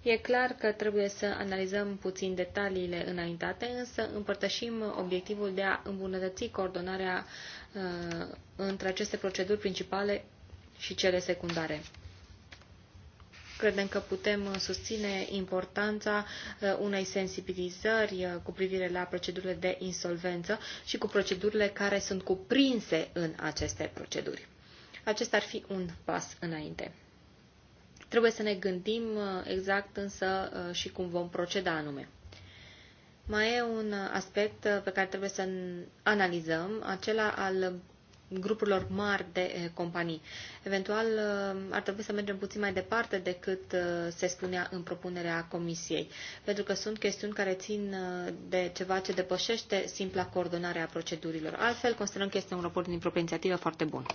E clar că trebuie să analizăm puțin detaliile înaintate, însă împărtășim obiectivul de a îmbunătăți coordonarea uh, între aceste proceduri principale și cele secundare. Credem că putem susține importanța uh, unei sensibilizări uh, cu privire la procedurile de insolvență și cu procedurile care sunt cuprinse în aceste proceduri. Acesta ar fi un pas înainte. Trebuie să ne gândim uh, exact însă uh, și cum vom proceda anume. Mai e un uh, aspect pe care trebuie să analizăm, acela al grupurilor mari de eh, companii. Eventual, eh, ar trebui să mergem puțin mai departe decât eh, se spunea în propunerea Comisiei, pentru că sunt chestiuni care țin de ceva ce depășește simpla coordonare a procedurilor. Altfel, considerăm că este un raport din proprie inițiativă foarte bun.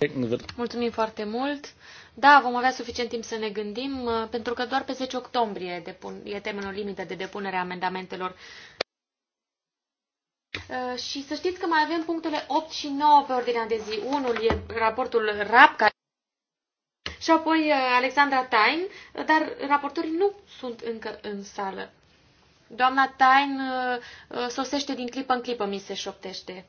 Mulțumim foarte mult! Da, vom avea suficient timp să ne gândim, pentru că doar pe 10 octombrie e termenul limită de depunere a amendamentelor. Uh, și să știți că mai avem punctele 8 și 9 pe ordinea de zi. Unul e raportul RAP care... și apoi uh, Alexandra Tain, uh, dar raportorii nu sunt încă în sală. Doamna Tain sosește din clipă în clipă, mi se șoptește.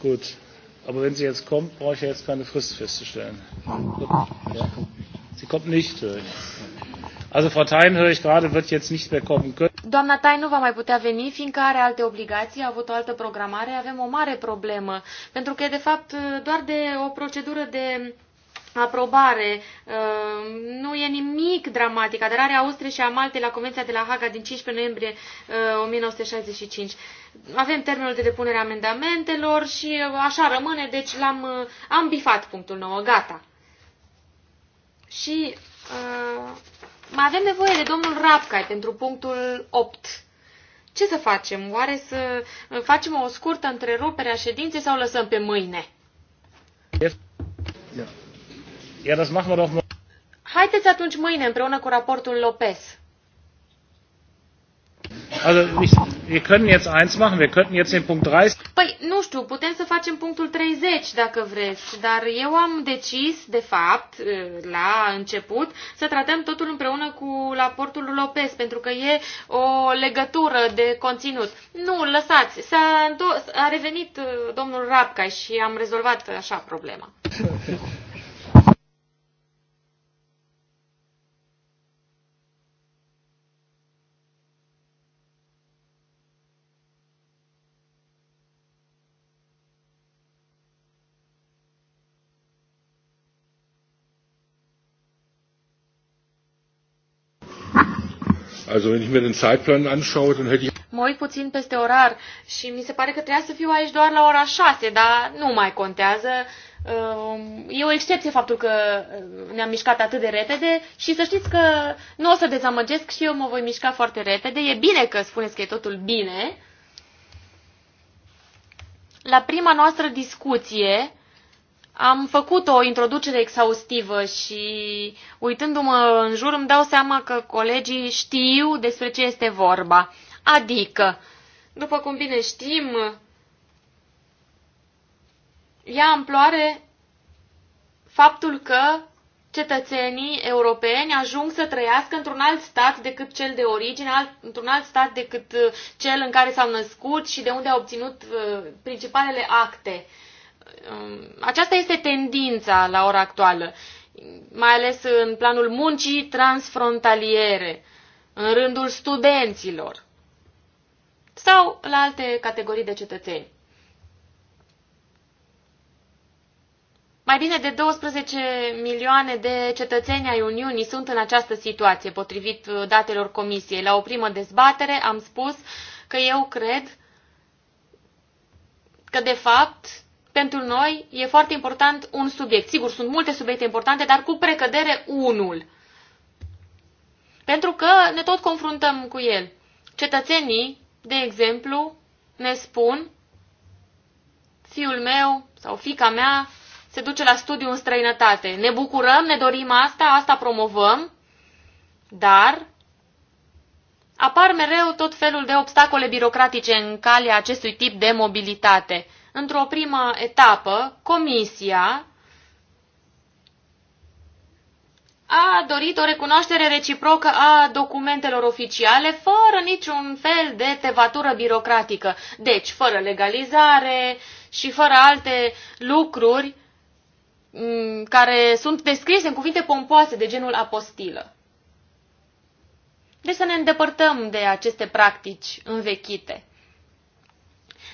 Gut. Aber wenn sie jetzt kommt, brauche ich jetzt keine Frist festzustellen. Ah. Ja. Sie kommt nicht, Also Frau Thein, höre ich gerade, wird jetzt nicht mehr kommen können. Doamna Tain nu va mai putea veni, fiindcă are alte obligații, a avut o altă programare, avem o mare problemă, pentru că de fapt doar de o procedură de aprobare. Uh, nu e nimic dramatic. Aderarea Austriei și a Maltei la Convenția de la Haga din 15 noiembrie 1965. Uh, avem termenul de depunere a amendamentelor și uh, așa rămâne, deci l-am am bifat punctul 9. Gata. Și uh, mai avem nevoie de domnul Rapcai pentru punctul 8. Ce să facem? Oare să uh, facem o scurtă întrerupere a ședinței sau lăsăm pe mâine? Haideți atunci mâine împreună cu raportul Lopez. Also, wir können jetzt eins machen, wir könnten jetzt den Punkt 30. Păi, nu știu, putem să facem punctul 30 dacă vreți, dar eu am decis, de fapt, eh, la început, să tratăm totul împreună cu raportul Lopez, pentru că e o legătură de conținut. Nu, lăsați, s-a, a revenit eh, domnul Rapca și am rezolvat așa problema. *laughs* Also wenn ich mir den Zeitplan anschaue, dann hätte ich... Mă uit puțin peste orar și mi se pare că trebuia să fiu aici doar la ora 6, dar nu mai contează. Ehm, e o excepție faptul că ehm, ne-am mișcat atât de repede și să știți că nu o să dezamăgesc și eu mă voi mișca foarte repede. E bine că spuneți că e totul bine. La prima noastră discuție am făcut o introducere exhaustivă și uitându-mă în jur îmi dau seama că colegii știu despre ce este vorba. Adică, după cum bine știm, ia amploare faptul că cetățenii europeni ajung să trăiască într-un alt stat decât cel de origine, într-un alt stat decât uh, cel în care s-au născut și de unde au obținut uh, principalele acte. Um, aceasta este tendința la ora actuală, mai ales în planul muncii transfrontaliere, în rândul studenților sau la alte categorii de cetățeni. Mai bine de 12 milioane de cetățeni ai Uniunii sunt în această situație, potrivit uh, datelor Comisiei. La o primă dezbatere am spus că eu cred că, de fapt, pentru noi e foarte important un subiect. Sigur, sunt multe subiecte importante, dar cu precădere unul. Pentru că ne tot confruntăm cu el. Cetățenii, de exemplu, ne spun fiul meu sau fica mea se duce la studiu în străinătate. Ne bucurăm, ne dorim asta, asta promovăm, dar apar mereu tot felul de obstacole birocratice în calea acestui tip de mobilitate într-o primă etapă, Comisia a dorit o recunoaștere reciprocă a documentelor oficiale fără niciun fel de tevatură birocratică, deci fără legalizare și fără alte lucruri mm, care sunt descrise în cuvinte pompoase de genul apostilă. Deci să ne îndepărtăm de aceste practici învechite.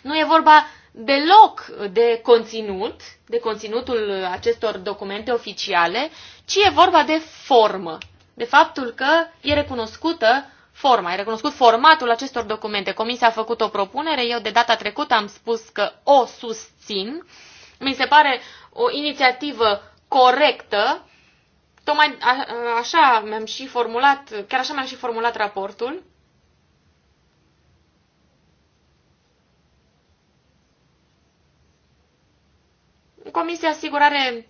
Nu e vorba deloc de conținut, de conținutul acestor documente oficiale, ci e vorba de formă, de faptul că e recunoscută forma, e recunoscut formatul acestor documente. Comisia a făcut o propunere, eu de data trecută am spus că o susțin. Mi se pare o inițiativă corectă, tocmai așa mi-am și formulat, chiar așa mi-am și formulat raportul. Comisia Asigurare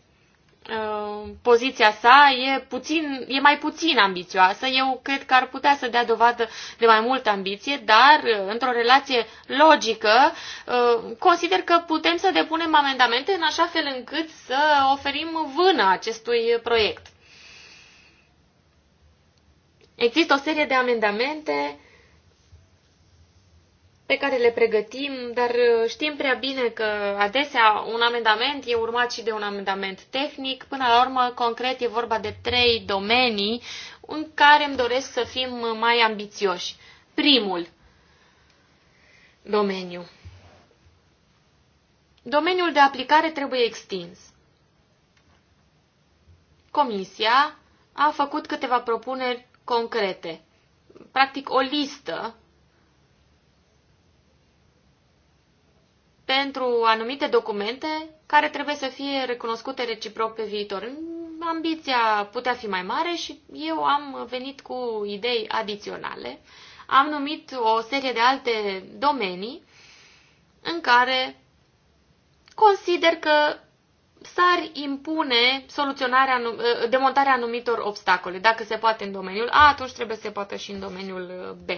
uh, poziția sa e, puțin, e mai puțin ambițioasă. Eu cred că ar putea să dea dovadă de mai multă ambiție, dar uh, într-o relație logică uh, consider că putem să depunem amendamente în așa fel încât să oferim vână acestui proiect. Există o serie de amendamente uh, pe care le pregătim, dar uh, știm prea bine că adesea un amendament e urmat și de un amendament tehnic. Până la urmă, concret, e vorba de trei domenii în care îmi doresc să fim mai ambițioși. Primul domeniu. Domeniul de aplicare trebuie extins. Comisia a făcut câteva propuneri concrete, practic o listă pentru anumite documente care trebuie să fie recunoscute reciproc pe viitor. Ambiția putea fi mai mare și eu am venit cu idei adiționale. Am numit o serie de alte domenii în care consider că s-ar impune soluționarea, ă, demontarea anumitor obstacole. Dacă se poate în domeniul A, atunci trebuie să se poată și în domeniul B.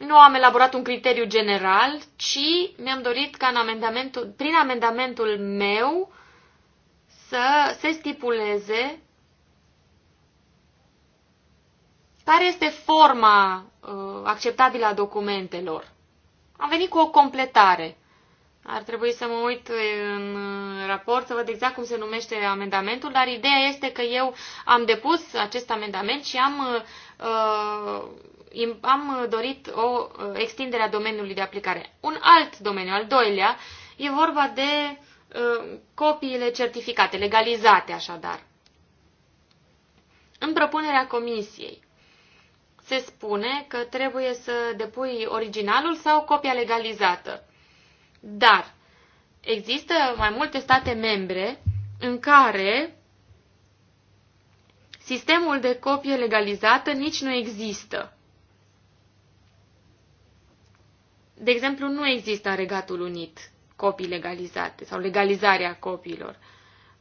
nu am elaborat un criteriu general, ci mi-am dorit ca în amendamentul, prin amendamentul meu să se stipuleze care este forma uh, acceptabilă a documentelor. Am venit cu o completare. Ar trebui să mă uit uh, în uh, raport să văd exact cum se numește amendamentul, dar ideea este că eu am depus acest amendament și am uh, uh am uh, dorit o uh, extindere a domeniului de aplicare. Un alt domeniu, al doilea, e vorba de uh, copiile certificate, legalizate așadar. În propunerea comisiei se spune că trebuie să depui originalul sau copia legalizată. Dar există mai multe state membre în care sistemul de copie legalizată nici nu există. De exemplu, nu există în Regatul Unit copii legalizate sau legalizarea copiilor.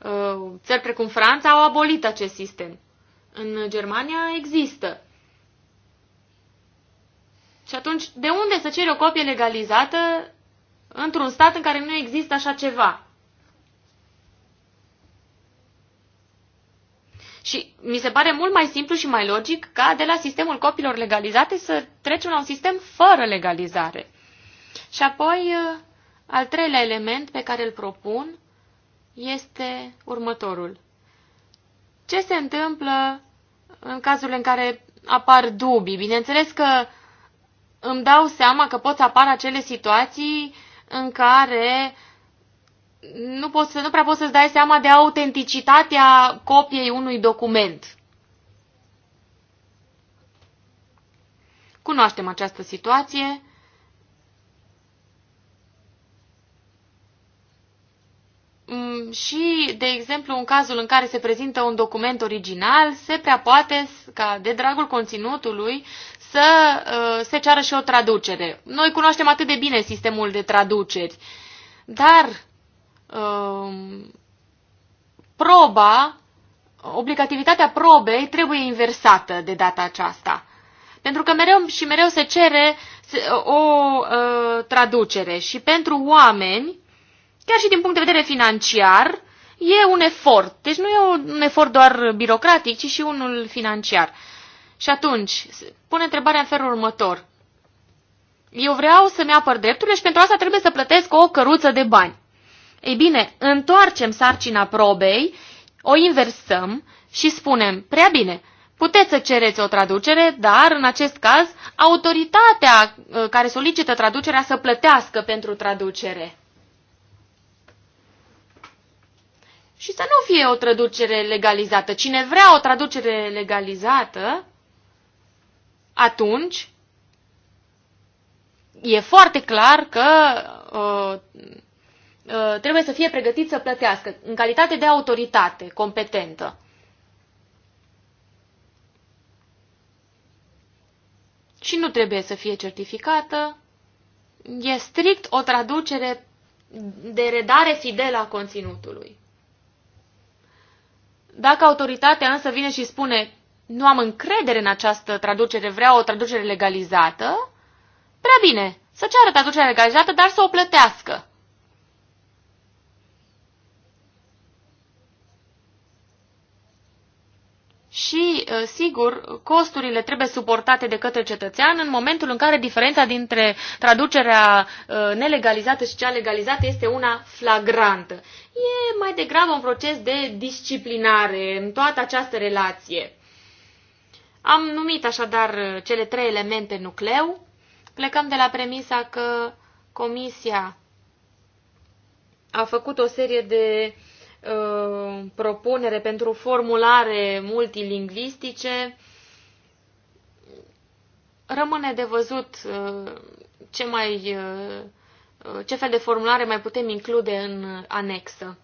Uh, țări precum Franța au abolit acest sistem. În Germania există. Și atunci, de unde să ceri o copie legalizată într-un stat în care nu există așa ceva? Și mi se pare mult mai simplu și mai logic ca de la sistemul copilor legalizate să trecem la un sistem fără legalizare. Și apoi, ă, al treilea element pe care îl propun este următorul. Ce se întâmplă în cazul în care apar dubii? Bineînțeles că îmi dau seama că pot să apară acele situații în care nu, poți, nu prea poți să-ți dai seama de autenticitatea copiei unui document. Cunoaștem această situație Mm, și, de exemplu, în cazul în care se prezintă un document original, se prea poate ca, de dragul conținutului, să uh, se ceară și o traducere. Noi cunoaștem atât de bine sistemul de traduceri, dar um, proba, obligativitatea probei trebuie inversată de data aceasta. Pentru că mereu și mereu se cere o uh, traducere și pentru oameni chiar și din punct de vedere financiar, e un efort. Deci nu e un efort doar birocratic, ci și unul financiar. Și atunci, pune întrebarea în felul următor. Eu vreau să-mi apăr drepturile și pentru asta trebuie să plătesc o căruță de bani. Ei bine, întoarcem sarcina probei, o inversăm și spunem, prea bine, puteți să cereți o traducere, dar în acest caz autoritatea uh, care solicită traducerea să plătească pentru traducere. și să nu fie o traducere legalizată. Cine vrea o traducere legalizată, atunci e foarte clar că uh, uh, trebuie să fie pregătit să plătească în calitate de autoritate competentă. Și nu trebuie să fie certificată. E strict o traducere de redare fidelă a conținutului. Dacă autoritatea însă vine și spune nu am încredere în această traducere, vreau o traducere legalizată, prea bine, să ceară traducerea legalizată, dar să o plătească. și, uh, sigur, costurile trebuie suportate de către cetățean în momentul în care diferența dintre traducerea uh, nelegalizată și cea legalizată este una flagrantă. E mai degrabă un proces de disciplinare în toată această relație. Am numit așadar uh, cele trei elemente nucleu. Plecăm de la premisa că Comisia a făcut o serie de uh, Uh, propunere pentru formulare multilingvistice. Rămâne de văzut uh, ce, mai, uh, ce fel de formulare mai putem include în anexă.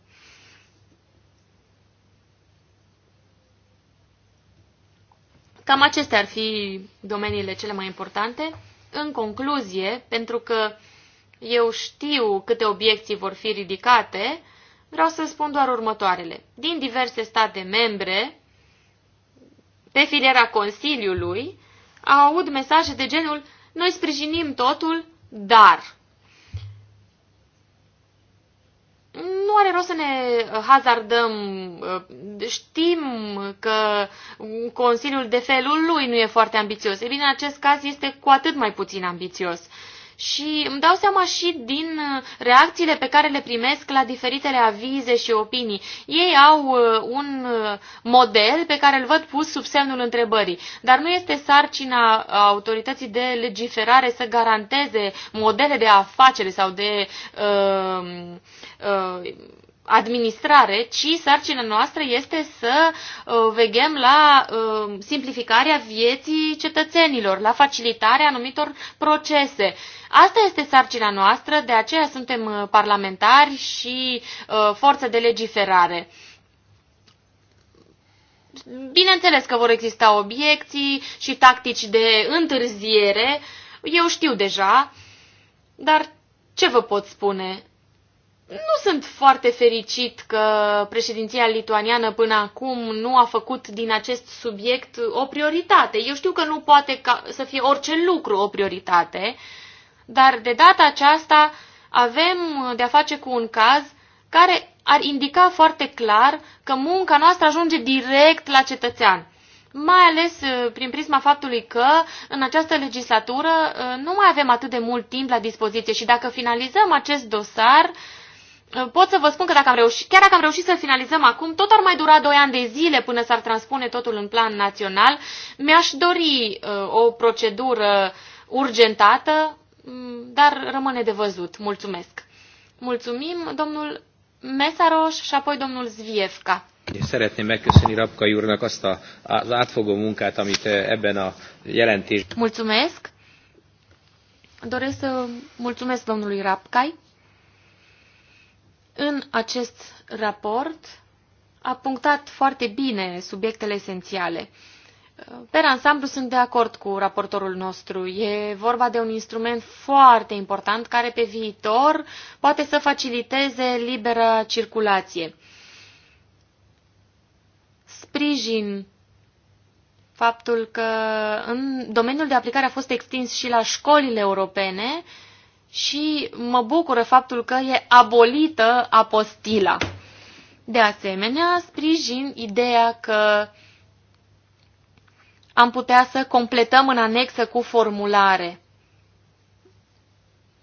Cam acestea ar fi domeniile cele mai importante. În concluzie, pentru că eu știu câte obiecții vor fi ridicate, vreau să spun doar următoarele. Din diverse state membre, pe filiera Consiliului, au aud mesaje de genul noi sprijinim totul, dar... nu are rost să ne hazardăm. Uh, știm că Consiliul de felul lui nu e foarte ambițios. E bine, în acest caz este cu atât mai puțin ambițios și îmi dau seama și din uh, reacțiile pe care le primesc la diferitele avize și opinii. Ei au uh, un uh, model pe care îl văd pus sub semnul întrebării, dar nu este sarcina autorității de legiferare să garanteze modele de afacere sau de uh, uh, administrare, ci sarcina noastră este să uh, veghem la uh, simplificarea vieții cetățenilor, la facilitarea anumitor procese. Asta este sarcina noastră, de aceea suntem uh, parlamentari și forță de legiferare. Bineînțeles că vor exista obiecții și tactici de întârziere, eu știu deja, dar ce vă pot spune? nu sunt foarte fericit că președinția lituaniană până acum nu a făcut din acest subiect o prioritate. Eu știu că nu poate ca să fie orice lucru o prioritate, dar de data aceasta avem de-a face cu un caz care ar indica foarte clar că munca noastră ajunge direct la cetățean mai ales uh, prin prisma faptului că în această legislatură uh, nu mai avem atât de mult timp la dispoziție și dacă finalizăm acest dosar, pot să vă spun că dacă am reușit, chiar dacă am reușit să finalizăm acum, tot ar mai dura 2 ani de zile până s-ar transpune totul în plan național. Mi-aș dori uh, o procedură urgentată, mm, dar rămâne de văzut. Mulțumesc. Mulțumim, domnul Mesaros și apoi domnul Zviefka. Szeretném megköszönni Rapkai úrnak azt a, az átfogó munkát, amit eh, ebben a jelentésben. Mulțumesc. Doresc să mulțumesc domnului Rapkai în acest raport a punctat foarte bine subiectele esențiale. Per ansamblu sunt de acord cu raportorul nostru. E vorba de un instrument foarte important care pe viitor poate să faciliteze libera circulație. Sprijin faptul că în domeniul de aplicare a fost extins și la școlile europene, uh, și mă bucură faptul că e abolită apostila. De asemenea, sprijin ideea că am putea să completăm în anexă cu formulare.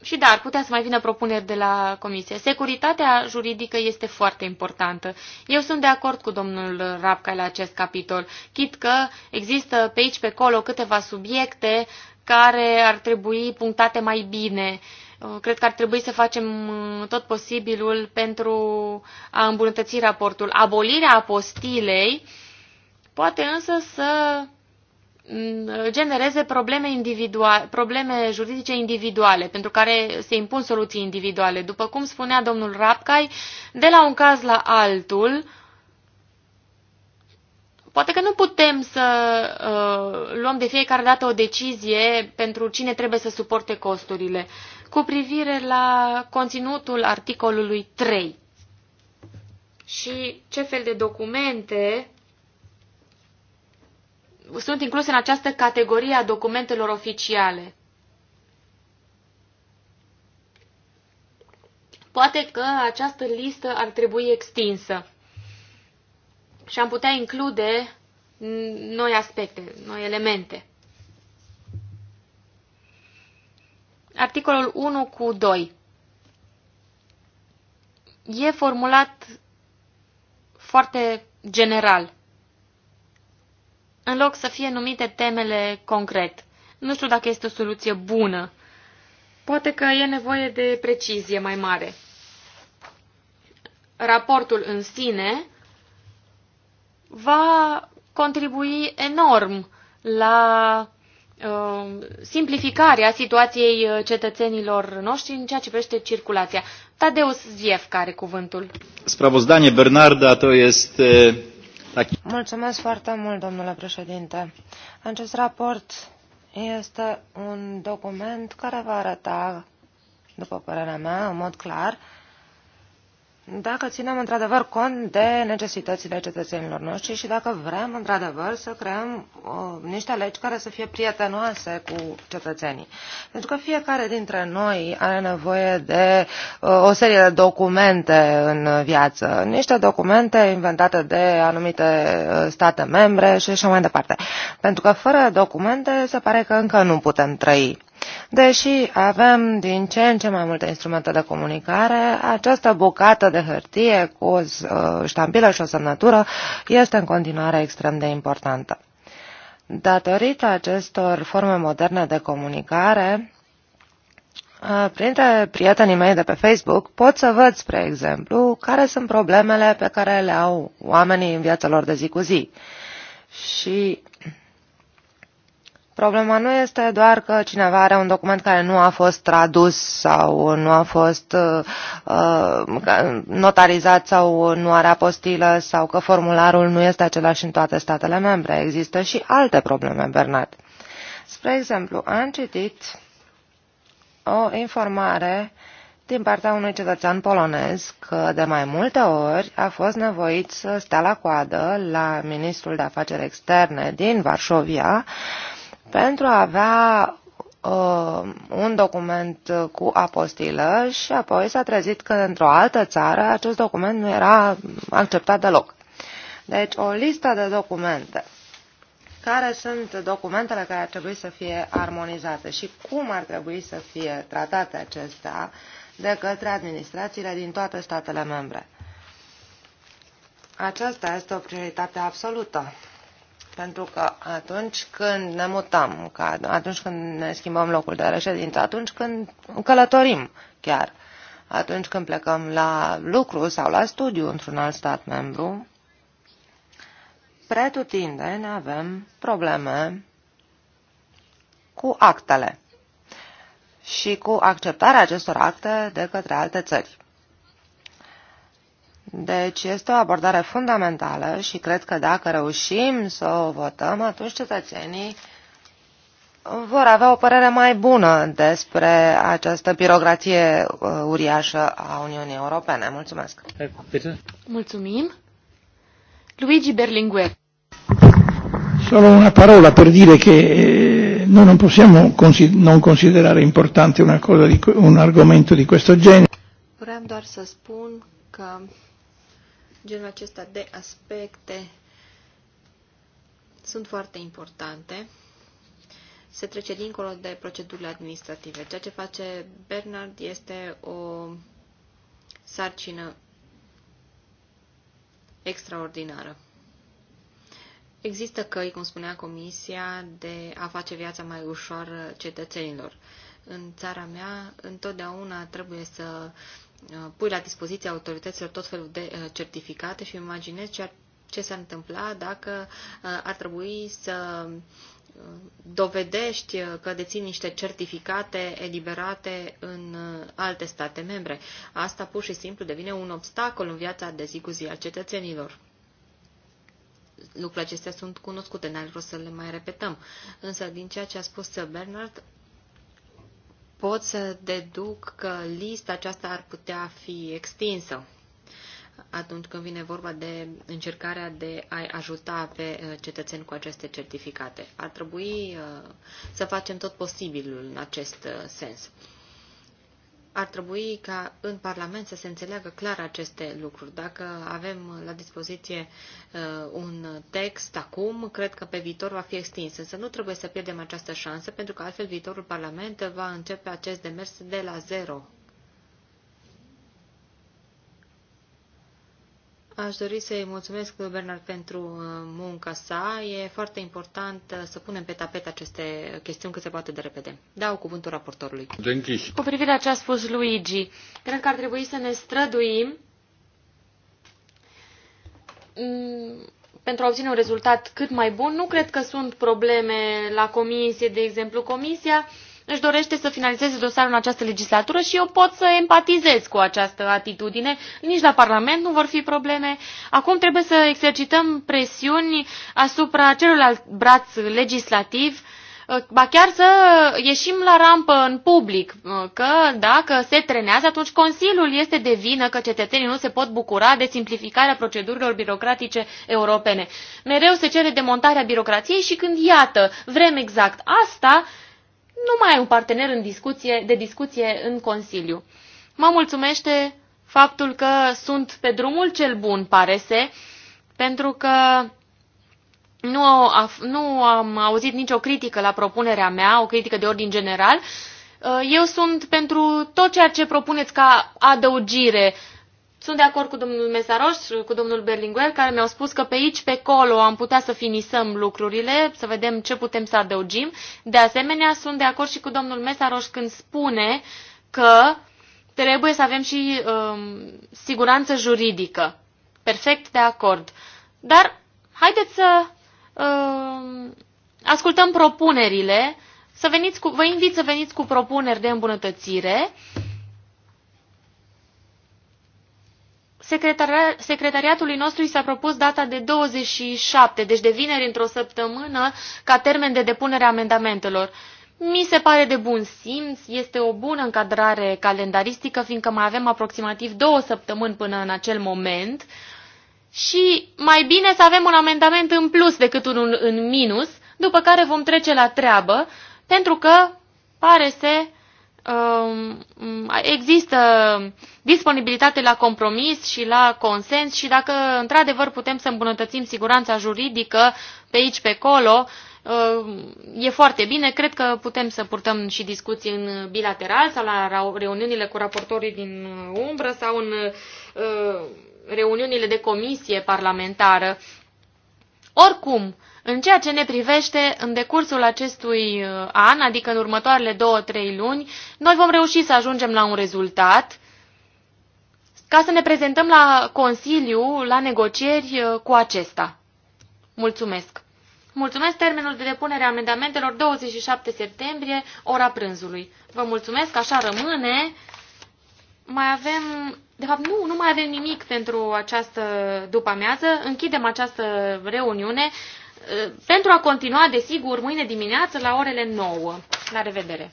Și da, ar putea să mai vină propuneri de la comisie. Securitatea juridică este foarte importantă. Eu sunt de acord cu domnul Rapca la acest capitol. Chit că există pe aici, pe acolo, câteva subiecte care ar trebui punctate mai bine. Uh, cred că ar trebui să facem uh, tot posibilul pentru a îmbunătăți raportul. Abolirea apostilei poate însă să mm, genereze probleme, individuale, probleme juridice individuale, pentru care se impun soluții individuale. După cum spunea domnul Rapcai, de la un caz la altul, Poate că nu putem să uh, luăm de fiecare dată o decizie pentru cine trebuie să suporte costurile. Cu privire la conținutul articolului 3 și ce fel de documente sunt incluse în această categorie a documentelor oficiale. Poate că această listă ar trebui extinsă și am putea include noi aspecte, noi elemente. Articolul 1 cu 2 e formulat foarte general, în loc să fie numite temele concret. Nu știu dacă este o soluție bună. Poate că e nevoie de precizie mai mare. Raportul în sine va contribui enorm la uh, simplificarea situației uh, cetățenilor noștri în ceea ce privește circulația. Tadeusz Zief, care cuvântul. Spravozdanie Bernarda to este... Mulțumesc foarte mult, domnule președinte. Acest raport este un document care va arăta, după părerea mea, în mod clar, dacă ținem într-adevăr cont de necesitățile cetățenilor noștri și dacă vrem într-adevăr să creăm uh, niște legi care să fie prietenoase cu cetățenii. Pentru că fiecare dintre noi are nevoie de uh, o serie de documente în viață, niște documente inventate de anumite uh, state membre și așa mai departe. Pentru că fără documente se pare că încă nu putem trăi. Deși avem din ce în ce mai multe instrumente de comunicare, această bucată de hârtie cu o uh, ștampilă și o semnătură este în continuare extrem de importantă. Datorită acestor forme moderne de comunicare, uh, Printre prietenii mei de pe Facebook pot să văd, spre exemplu, care sunt problemele pe care le au oamenii în viața lor de zi cu zi. Și Problema nu este doar că cineva are un document care nu a fost tradus sau nu a fost uh, uh, notarizat sau nu are apostilă sau că formularul nu este același în toate statele membre. Există și alte probleme, Bernard. Spre exemplu, am citit o informare din partea unui cetățean polonez că de mai multe ori a fost nevoit să stea la coadă la ministrul de afaceri externe din Varșovia pentru a avea uh, un document cu apostilă și apoi s-a trezit că într-o altă țară acest document nu era acceptat deloc. Deci o listă de documente. Care sunt documentele care ar trebui să fie armonizate și cum ar trebui să fie tratate acestea de către administrațiile din toate statele membre? Aceasta este o prioritate absolută pentru că atunci când ne mutăm, că atunci când ne schimbăm locul de reședință, atunci când călătorim chiar, atunci când plecăm la lucru sau la studiu într-un alt stat membru, pretutindeni avem probleme cu actele și cu acceptarea acestor acte de către alte țări. Deci este o abordare fundamentală și cred că dacă reușim să o votăm, atunci cetățenii vor avea o părere mai bună despre această birocratie uh, uriașă a Uniunii Europene. Mulțumesc! Mulțumim! Luigi Berlinguer. Solo una parola per dire che eh, noi non possiamo non considerare importante una cosa di, un argomento di questo genere. Vreau doar să spun că Genul acesta de aspecte sunt foarte importante. Se trece dincolo de procedurile administrative. Ceea ce face Bernard este o sarcină extraordinară. Există căi, cum spunea Comisia, de a face viața mai ușoară cetățenilor. În țara mea, întotdeauna trebuie să Uh, pui la dispoziția autorităților tot felul de uh, certificate și imaginez ce, ce s-ar întâmpla dacă uh, ar trebui să dovedești că deții niște certificate eliberate în alte state membre. Asta pur și simplu devine un obstacol în viața de zi cu zi a cetățenilor lucrurile acestea sunt cunoscute, n-ar vrea să le mai repetăm. Însă, din ceea ce a spus Bernard, pot să deduc că lista aceasta ar putea fi extinsă atunci când vine vorba de încercarea de a ajuta pe uh, cetățeni cu aceste certificate. Ar trebui uh, să facem tot posibilul în acest uh, sens ar trebui ca în Parlament să se înțeleagă clar aceste lucruri. Dacă avem la dispoziție uh, un text acum, cred că pe viitor va fi extins. Însă nu trebuie să pierdem această șansă, pentru că altfel viitorul Parlament va începe acest demers de la zero Aș dori să-i mulțumesc uh, Bernard pentru uh, munca sa. E foarte important uh, să punem pe tapet aceste chestiuni cât se poate de repede. Dau cuvântul raportorului. Denchis. Cu privire la ce a spus Luigi, cred că ar trebui să ne străduim mm, pentru a obține un rezultat cât mai bun. Nu cred că sunt probleme la comisie, de exemplu. Comisia își dorește să finalizeze dosarul în această legislatură și eu pot să empatizez cu această atitudine. Nici la Parlament nu vor fi probleme. Acum trebuie să exercităm presiuni asupra celorlalt braț legislativ ba chiar să ieșim la rampă în public, că dacă se trenează, atunci Consiliul este de vină că cetățenii nu se pot bucura de simplificarea procedurilor birocratice europene. Mereu se cere demontarea birocrației și când, iată, vrem exact asta, nu mai ai un partener în discuție, de discuție în Consiliu. Mă mulțumește faptul că sunt pe drumul cel bun, pare se, pentru că nu, nu am auzit nicio critică la propunerea mea, o critică de ordin general. Eu sunt pentru tot ceea ce propuneți ca adăugire sunt de acord cu domnul Mesaros, cu domnul Berlinguer, care mi-au spus că pe aici, pe acolo, am putea să finisăm lucrurile, să vedem ce putem să adăugim. De asemenea, sunt de acord și cu domnul Mesaros când spune că trebuie să avem și um, siguranță juridică. Perfect de acord. Dar haideți să um, ascultăm propunerile, să veniți cu, vă invit să veniți cu propuneri de îmbunătățire Secretari secretariatului nostru i s-a propus data de 27, deci de vineri într-o săptămână, ca termen de depunere a amendamentelor. Mi se pare de bun simț, este o bună încadrare calendaristică, fiindcă mai avem aproximativ două săptămâni până în acel moment și mai bine să avem un amendament în plus decât unul în minus, după care vom trece la treabă, pentru că pare să Um, există disponibilitate la compromis și la consens și dacă într-adevăr putem să îmbunătățim siguranța juridică pe aici, pe acolo, um, e foarte bine. Cred că putem să purtăm și discuții în bilateral sau la reuniunile cu raportorii din umbră sau în uh, reuniunile de comisie parlamentară. Oricum, în ceea ce ne privește, în decursul acestui uh, an, adică în următoarele două-trei luni, noi vom reuși să ajungem la un rezultat ca să ne prezentăm la Consiliu, la negocieri uh, cu acesta. Mulțumesc! Mulțumesc termenul de depunere a amendamentelor 27 septembrie, ora prânzului. Vă mulțumesc, așa rămâne. Mai avem, de fapt nu, nu mai avem nimic pentru această după-amiază. Închidem această reuniune. Eh, pentru a continua, desigur, mâine dimineață la orele 9. La revedere!